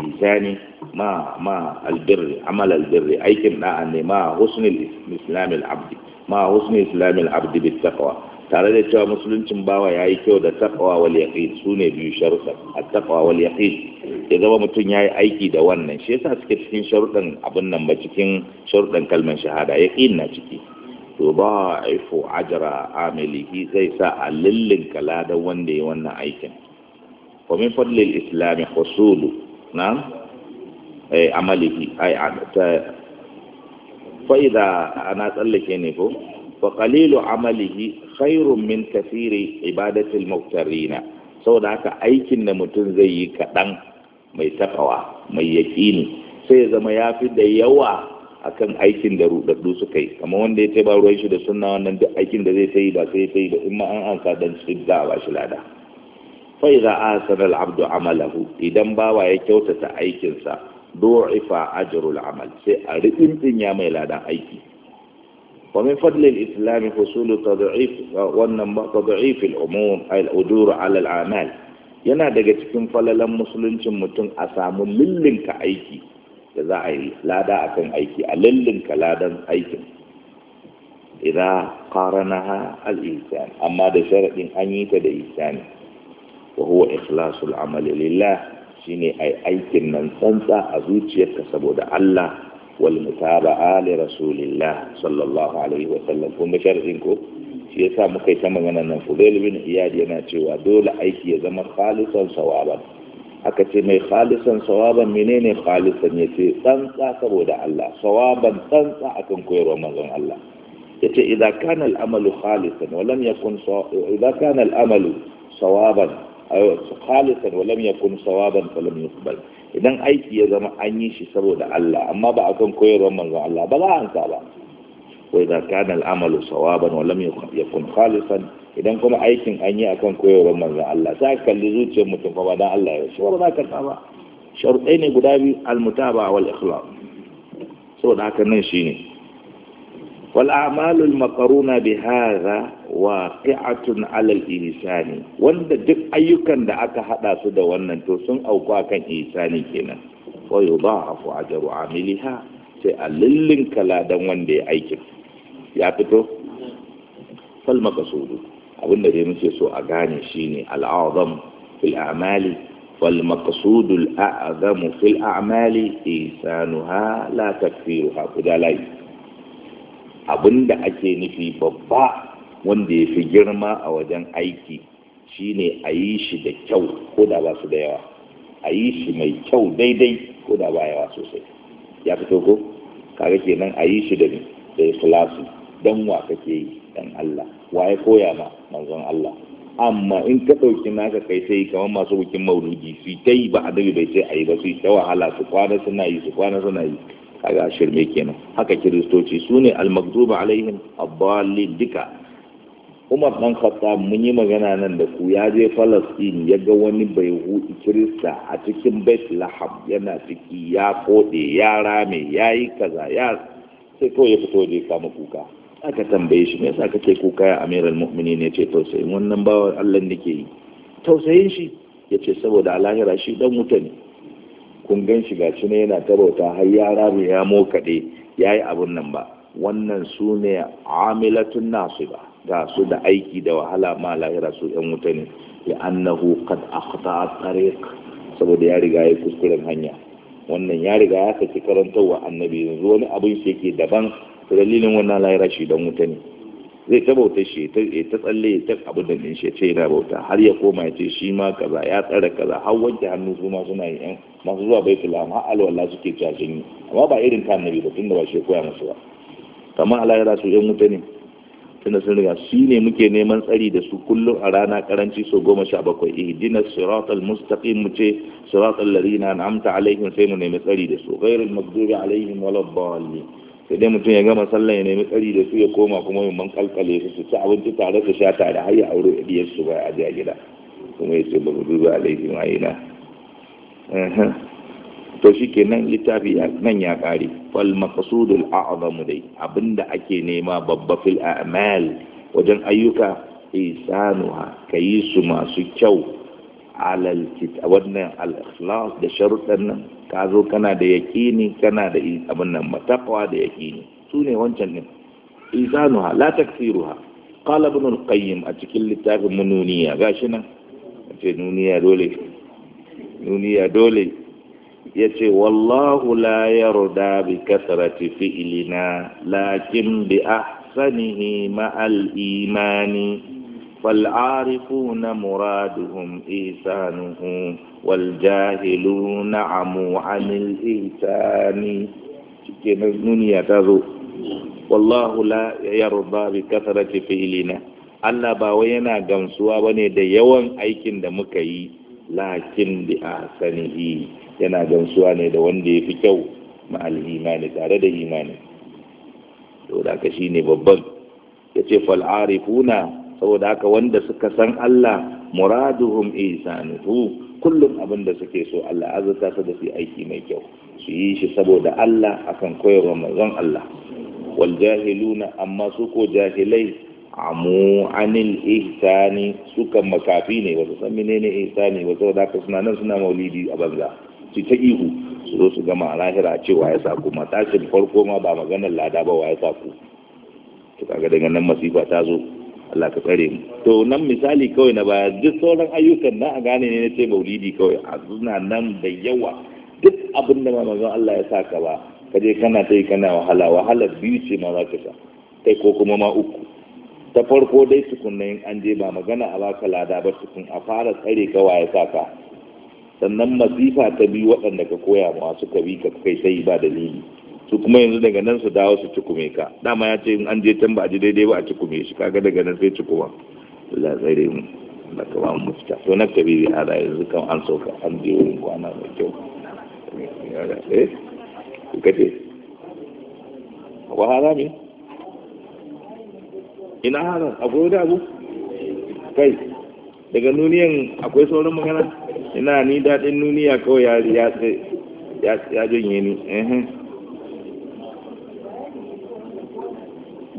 isani ma ma albirri amal albirri aikin da ne ma husnul islamil abdi ma husnul islamil abdi bit taqwa tare da cewa musuluncin bawa ya yi kyau da taqwa wal yaqin su ne biyu sharuɗan a taqwa wal yaqin ya zama mutum ya yi aiki da wannan shi yasa suke cikin sharuɗan abin nan ba cikin sharuɗan kalmar shahada yaƙin na ciki to ba ifu ajra amilihi zai sa a lillin kaladan wanda ya wannan aikin wa min fadli al husulu na eh amalihi ai ta fa ana tsallake ne ko fa qalilu amalihi khairun min kasiri ibadatil muqtarina saboda haka aikin da mutum zai yi kaɗan mai takawa mai yaƙini sai ya zama ya fi da yawa akan aikin da rudaddu suka yi kamar wanda ya ba ruwan shi da sunna wannan duk aikin da zai ta yi ba sai ta yi ba in ma an ansa dan shi za ba shi lada fa idza asana al abdu amalahu idan bawa ya kyautata aikinsa du'ifa ajrul amal sai a rubin ya mai ladan aiki ومن فضل الإسلام حصول تضعيف تضعيف الأمور أي الأجور على الأعمال yana daga cikin falalan musuluncin mutum a samu lillinka aiki da za a yi lada a kan aiki a lillinka ladan aikin idan qaranaha al al'isani. amma da sharaɗin an yi ta da ihsani wa huwa ikhlasul amali lillah shine ai aikin nan tsantsa a zuciyarka saboda Allah والمتابعة لرسول rasulillah sallallahu alaihi عليه وسلم kun ga sharadin ko shi yasa muka yi ta magana nan fudail bin iyad yana cewa dole aiki ya zama khalisan sawaban aka ce mai khalisan sawaban menene khalisan yace tsantsa saboda Allah sawaban tsantsa akan koyarwa manzon Allah yace idza kana al-amalu khalisan wa lam yakun idza kana al-amalu sawaban ay khalisan wa lam yakun sawaban falam yuqbal idan aiki ya zama an yi shi saboda Allah amma ba a kan koyarwar manzon Allah ba za a ansa ba wai da kana al'amalu sawaban wa lam yakun khalisan idan kuma aikin an yi akan koyarwar manzon Allah sai kalli zuciyar mutum fa ba dan Allah ya shi ba za ka ba sharuɗai ne guda biyu al-mutaba wal ikhlas saboda haka nan shine والأعمال المقرونة بهذا واقعة على الإنسان وند دك أيوكا دا أكا حدا سودا ونن توسن أو باكا إنساني كنا ويضاعف أجر عاملها سأللن كلا دا وند أيكا يا بتو فالمقصود أبن دي نسي سو أغاني شيني الأعظم في الأعمال والمقصود الأعظم في الأعمال إنسانها لا تكفيرها كدا لايك da ake nufi babba wanda ya fi girma a wajen aiki shine a yi shi da kyau ko da ba su da yawa a yi shi mai kyau daidai ko da ba yawa sosai ya fito ko ke kenan a yi shi da da ikhlasi dan wa kake yi dan Allah waye koya ma manzon Allah amma in ka ɗauki naka kai sai kamar masu bikin mauludi su yi ba a dare bai sai a yi ba su ta wahala su kwana suna yi su kwana suna yi kaga shirme kenan haka kiristoci su ne almagduba alaihim abbalin duka umar dan khattab mun yi magana nan da ku ya je falastin ya ga wani bai hudu kirista a cikin bethlehem yana ciki ya kode ya rame ya yi kaza ya sai kawai ya fito je kama kuka aka tambaye shi me yasa kake kuka ya amiral mumini ya ce tausayin wannan bawan allah nake yi tausayin shi ya ce saboda alahira shi dan wuta ne kun gan shi gashi ne yana tarauta har ya rabu ya mokade ya yi abin nan ba wannan su ne amilatun nasu ba ga su da aiki da wahala ma lahira su yan wuta ne ya annahu kad akhta tariq saboda ya riga ya kuskuren hanya wannan ya riga ya kace karantarwa annabi yanzu wani abin shi yake daban dalilin wannan lahira shi dan wuta ne zai ta bauta shi ta tsalle ta abu da din shi ce yana bauta har ya koma ya ce shi ma kaza ya tsara kaza har wanke hannu su ma suna yi yan masu zuwa bai filam har alwala suke cajin yi amma ba irin ta annabi ba tunda ba shi koya musu ba kamar alayra su yan wuta ne tunda sun riga shi ne muke neman tsari da su kullum a rana karanci sau goma sha bakwai ihdinas siratal mustaqim mu ce siratal ladina an'amta alaihim sai mu nemi tsari da su ghairul maghdubi alaihim waladdallin sai dai mutum ya gama sallan ya nemi tsari da su ya koma kuma yin man kalkale su su ci abinci tare su sha tare har ya aure ɗiyar su ba a a gida kuma ya ce ba mu duba alaihi ma ina to shi ke nan littafi nan ya ƙare fal maqsudul a'zamu dai abinda ake nema babba fil a'mal wajen ayyuka ka kayi su masu kyau alal wannan al-ikhlas da sharuɗan nan ka zo kana da yaqini kana da abin nan mataqwa da yaqini sune wancan din isanuha la takfiruha qala ibn al-qayyim a cikin littafin mununiya gashi nan ce nuniya dole nuniya dole yace wallahu la yarda bi kasrati fi'lina lakin bi ahsanihi ma al-imani فالعارفون مرادهم إيسانه والجاهلون عموا عن الإيسان نوني تزو والله لا يرضى بكثرة فعلنا Allah ba wai yana gamsuwa ba ne da yawan aikin da muka yi lakin bi ahsanihi yana gamsuwa ne da wanda ya fi kyau ma'al imani tare da imani to da ka shine babban yace fal arifuna saboda haka wanda suka san Allah muraduhum ihsanuhu kullum abinda suke so Allah azza su da su aiki mai kyau su yi shi saboda Allah akan koyarwa manzon Allah wal jahiluna amma su ko jahilai amu anil ihsani suka makafi ne wasu san menene ihsani wasu da ka suna nan suna maulidi a banza su ta ihu su zo su gama lahira cewa ya ku? matashin farko ma ba maganar lada ba wa ya ku? to kaga daga nan masifa ta zo Allah ka tsare mu to nan misali kawai na baya duk sauran ayyukan na a gane ne na ce maulidi kawai a suna nan da yawa duk abin da Allah ya saka ba ka je kana ta yi kana wahala wahala biyu ce ma za ka sha kai ko kuma ma uku ta farko dai tukunna in an je ba magana a baka lada ba tukun a fara tsare ka ya saka sannan masifa ta biyu waɗanda ka koya ma suka bi ka kai sai ba dalili su kuma yanzu daga nan su dawo su cikume ka dama ya ce an je can ba a ji daidai ba a cikume shi kaga daga nan sai cikuma Allah tsare mu Allah ka mu to na yanzu kan an sauka an je wurin kwana mai kyau eh ku kace wa ina akwai wani abu kai daga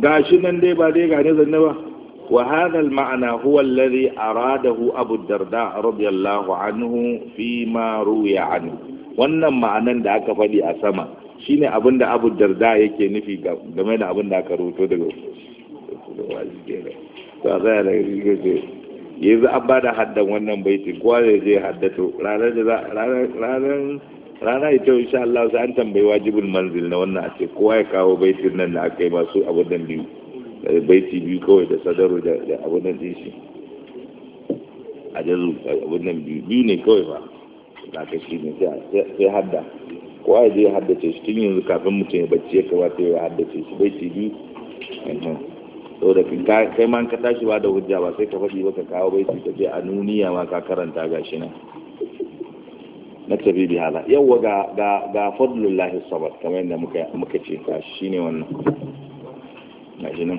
gashi nan dai ba dai gane zanne ba wa hadal ma'ana huwa alladhi aradahu abu darda radiyallahu anhu fi ma ruwiya anhu wannan ma'anan da aka faɗi a sama shine abin da abu darda yake nufi game da abin da aka rubuto daga ta tsaya da ba da haddan wannan baiti kowa zai je haddato ranar rana ita insha Allah sai an tambayi wajibul manzil na wannan a ce kowa ya kawo baitin nan da aka yi masu da biyu eh, baiti biyu kawai da sadaru da abudan din shi a jazu da biyu biyu ne kawai ba da ka shi ne sai hadda kowa ya je ya haddace shi tun yanzu kafin mutum ya bacci ya kamata ya haddace shi baiti biyu saboda kai ma ka tashi ba da hujja ba sai ka faɗi ba ka kawo baiti ka je a nuniya ma ka karanta gashi nan na tafi bi hala yawwa ga ga ga fadlullahi sabar kamar yadda muka muka ce ka shine wannan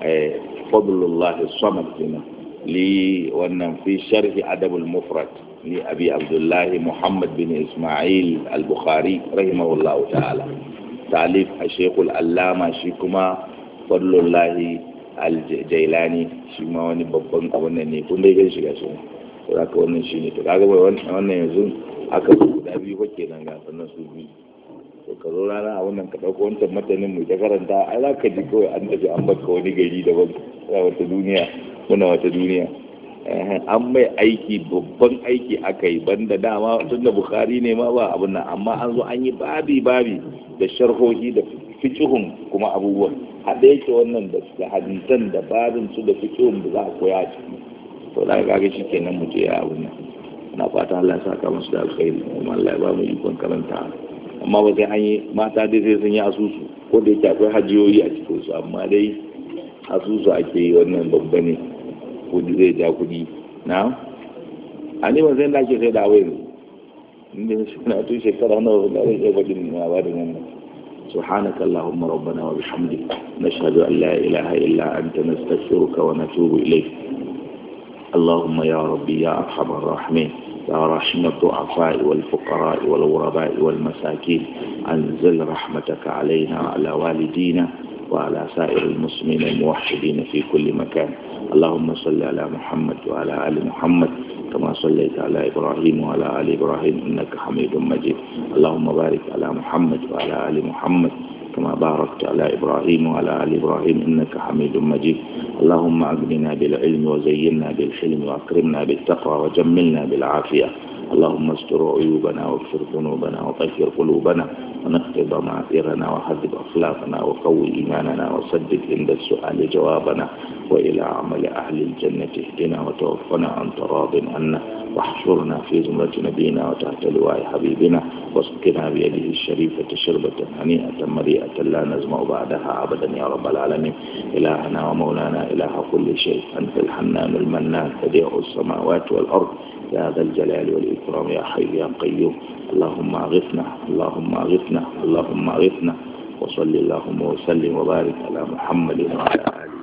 eh fadlullahi samad kenan li wannan fi sharhi adabul mufrad ni abi abdullah muhammad bin isma'il al-bukhari rahimahullahu ta'ala ta'lif a shaykh allama shi kuma fadlullahi al shi ma wani babban abun ne kun dai gan shi gashi to ka wannan shi ne to kaga bai wannan yanzu aka guda biyu ba kenan ga sannan su biyu to ka zo rana a wannan ka ɗauko wancan matanin mu ta karanta ai za ka ji kawai an tafi an baka wani gari daban ba wata duniya muna wata duniya an mai aiki babban aiki aka yi banda dama tun da bukari ne ma ba abin nan amma an zo an yi babi babi da sharhohi da fikihun kuma abubuwan haɗe ke wannan da hadisan da babin su da fikihun da za a koya a ciki to da ga shi kenan mu je a wannan na fata Allah ya saka musu da alkhairi kuma Allah ya ba mu ikon karanta amma ba sai an yi mata dai sai sun yi asusu ko da yake akwai hajiyoyi a cikin su amma dai asusu ake yi wannan babba ne kudi zai ja kudi na a ne ba sai da ake sai da awai inda shi na tun shekara na da zai iya gwadin ne ba da nan سبحانك اللهم ربنا وبحمدك نشهد أن لا إله إلا أنت نستغفرك ونتوب إليك اللهم يا ربي يا أرحم الراحمين يا رحمة الضعفاء والفقراء والغرباء والمساكين أنزل رحمتك علينا على والدينا وعلى سائر المسلمين الموحدين في كل مكان اللهم صل على محمد وعلى آل محمد كما صليت على إبراهيم وعلى آل إبراهيم إنك حميد مجيد اللهم بارك على محمد وعلى آل محمد كما باركت على إبراهيم وعلى آل إبراهيم إنك حميد مجيد اللهم أغننا بالعلم وزينا بالحلم وأكرمنا بالتقوى وجملنا بالعافية اللهم استر عيوبنا واغفر ذنوبنا وطهر قلوبنا ونقض معاذيرنا وحدد أخلاقنا وقوي إيماننا وسدد عند السؤال جوابنا وإلى عمل أهل الجنة اهدنا وتوفنا انت راض عنا واحشرنا في زمرة نبينا وتحت لواء حبيبنا واسقنا بيده الشريفة شربة هنيئة مريئة لا نزمع بعدها أبدا يا رب العالمين إلهنا ومولانا إله كل شيء أنت الحنان المنان بديع السماوات والأرض يا ذا الجلال والإكرام يا حي يا قيوم اللهم أغثنا اللهم أغثنا اللهم أغثنا وصل اللهم وسلم وبارك على محمد وعلى آله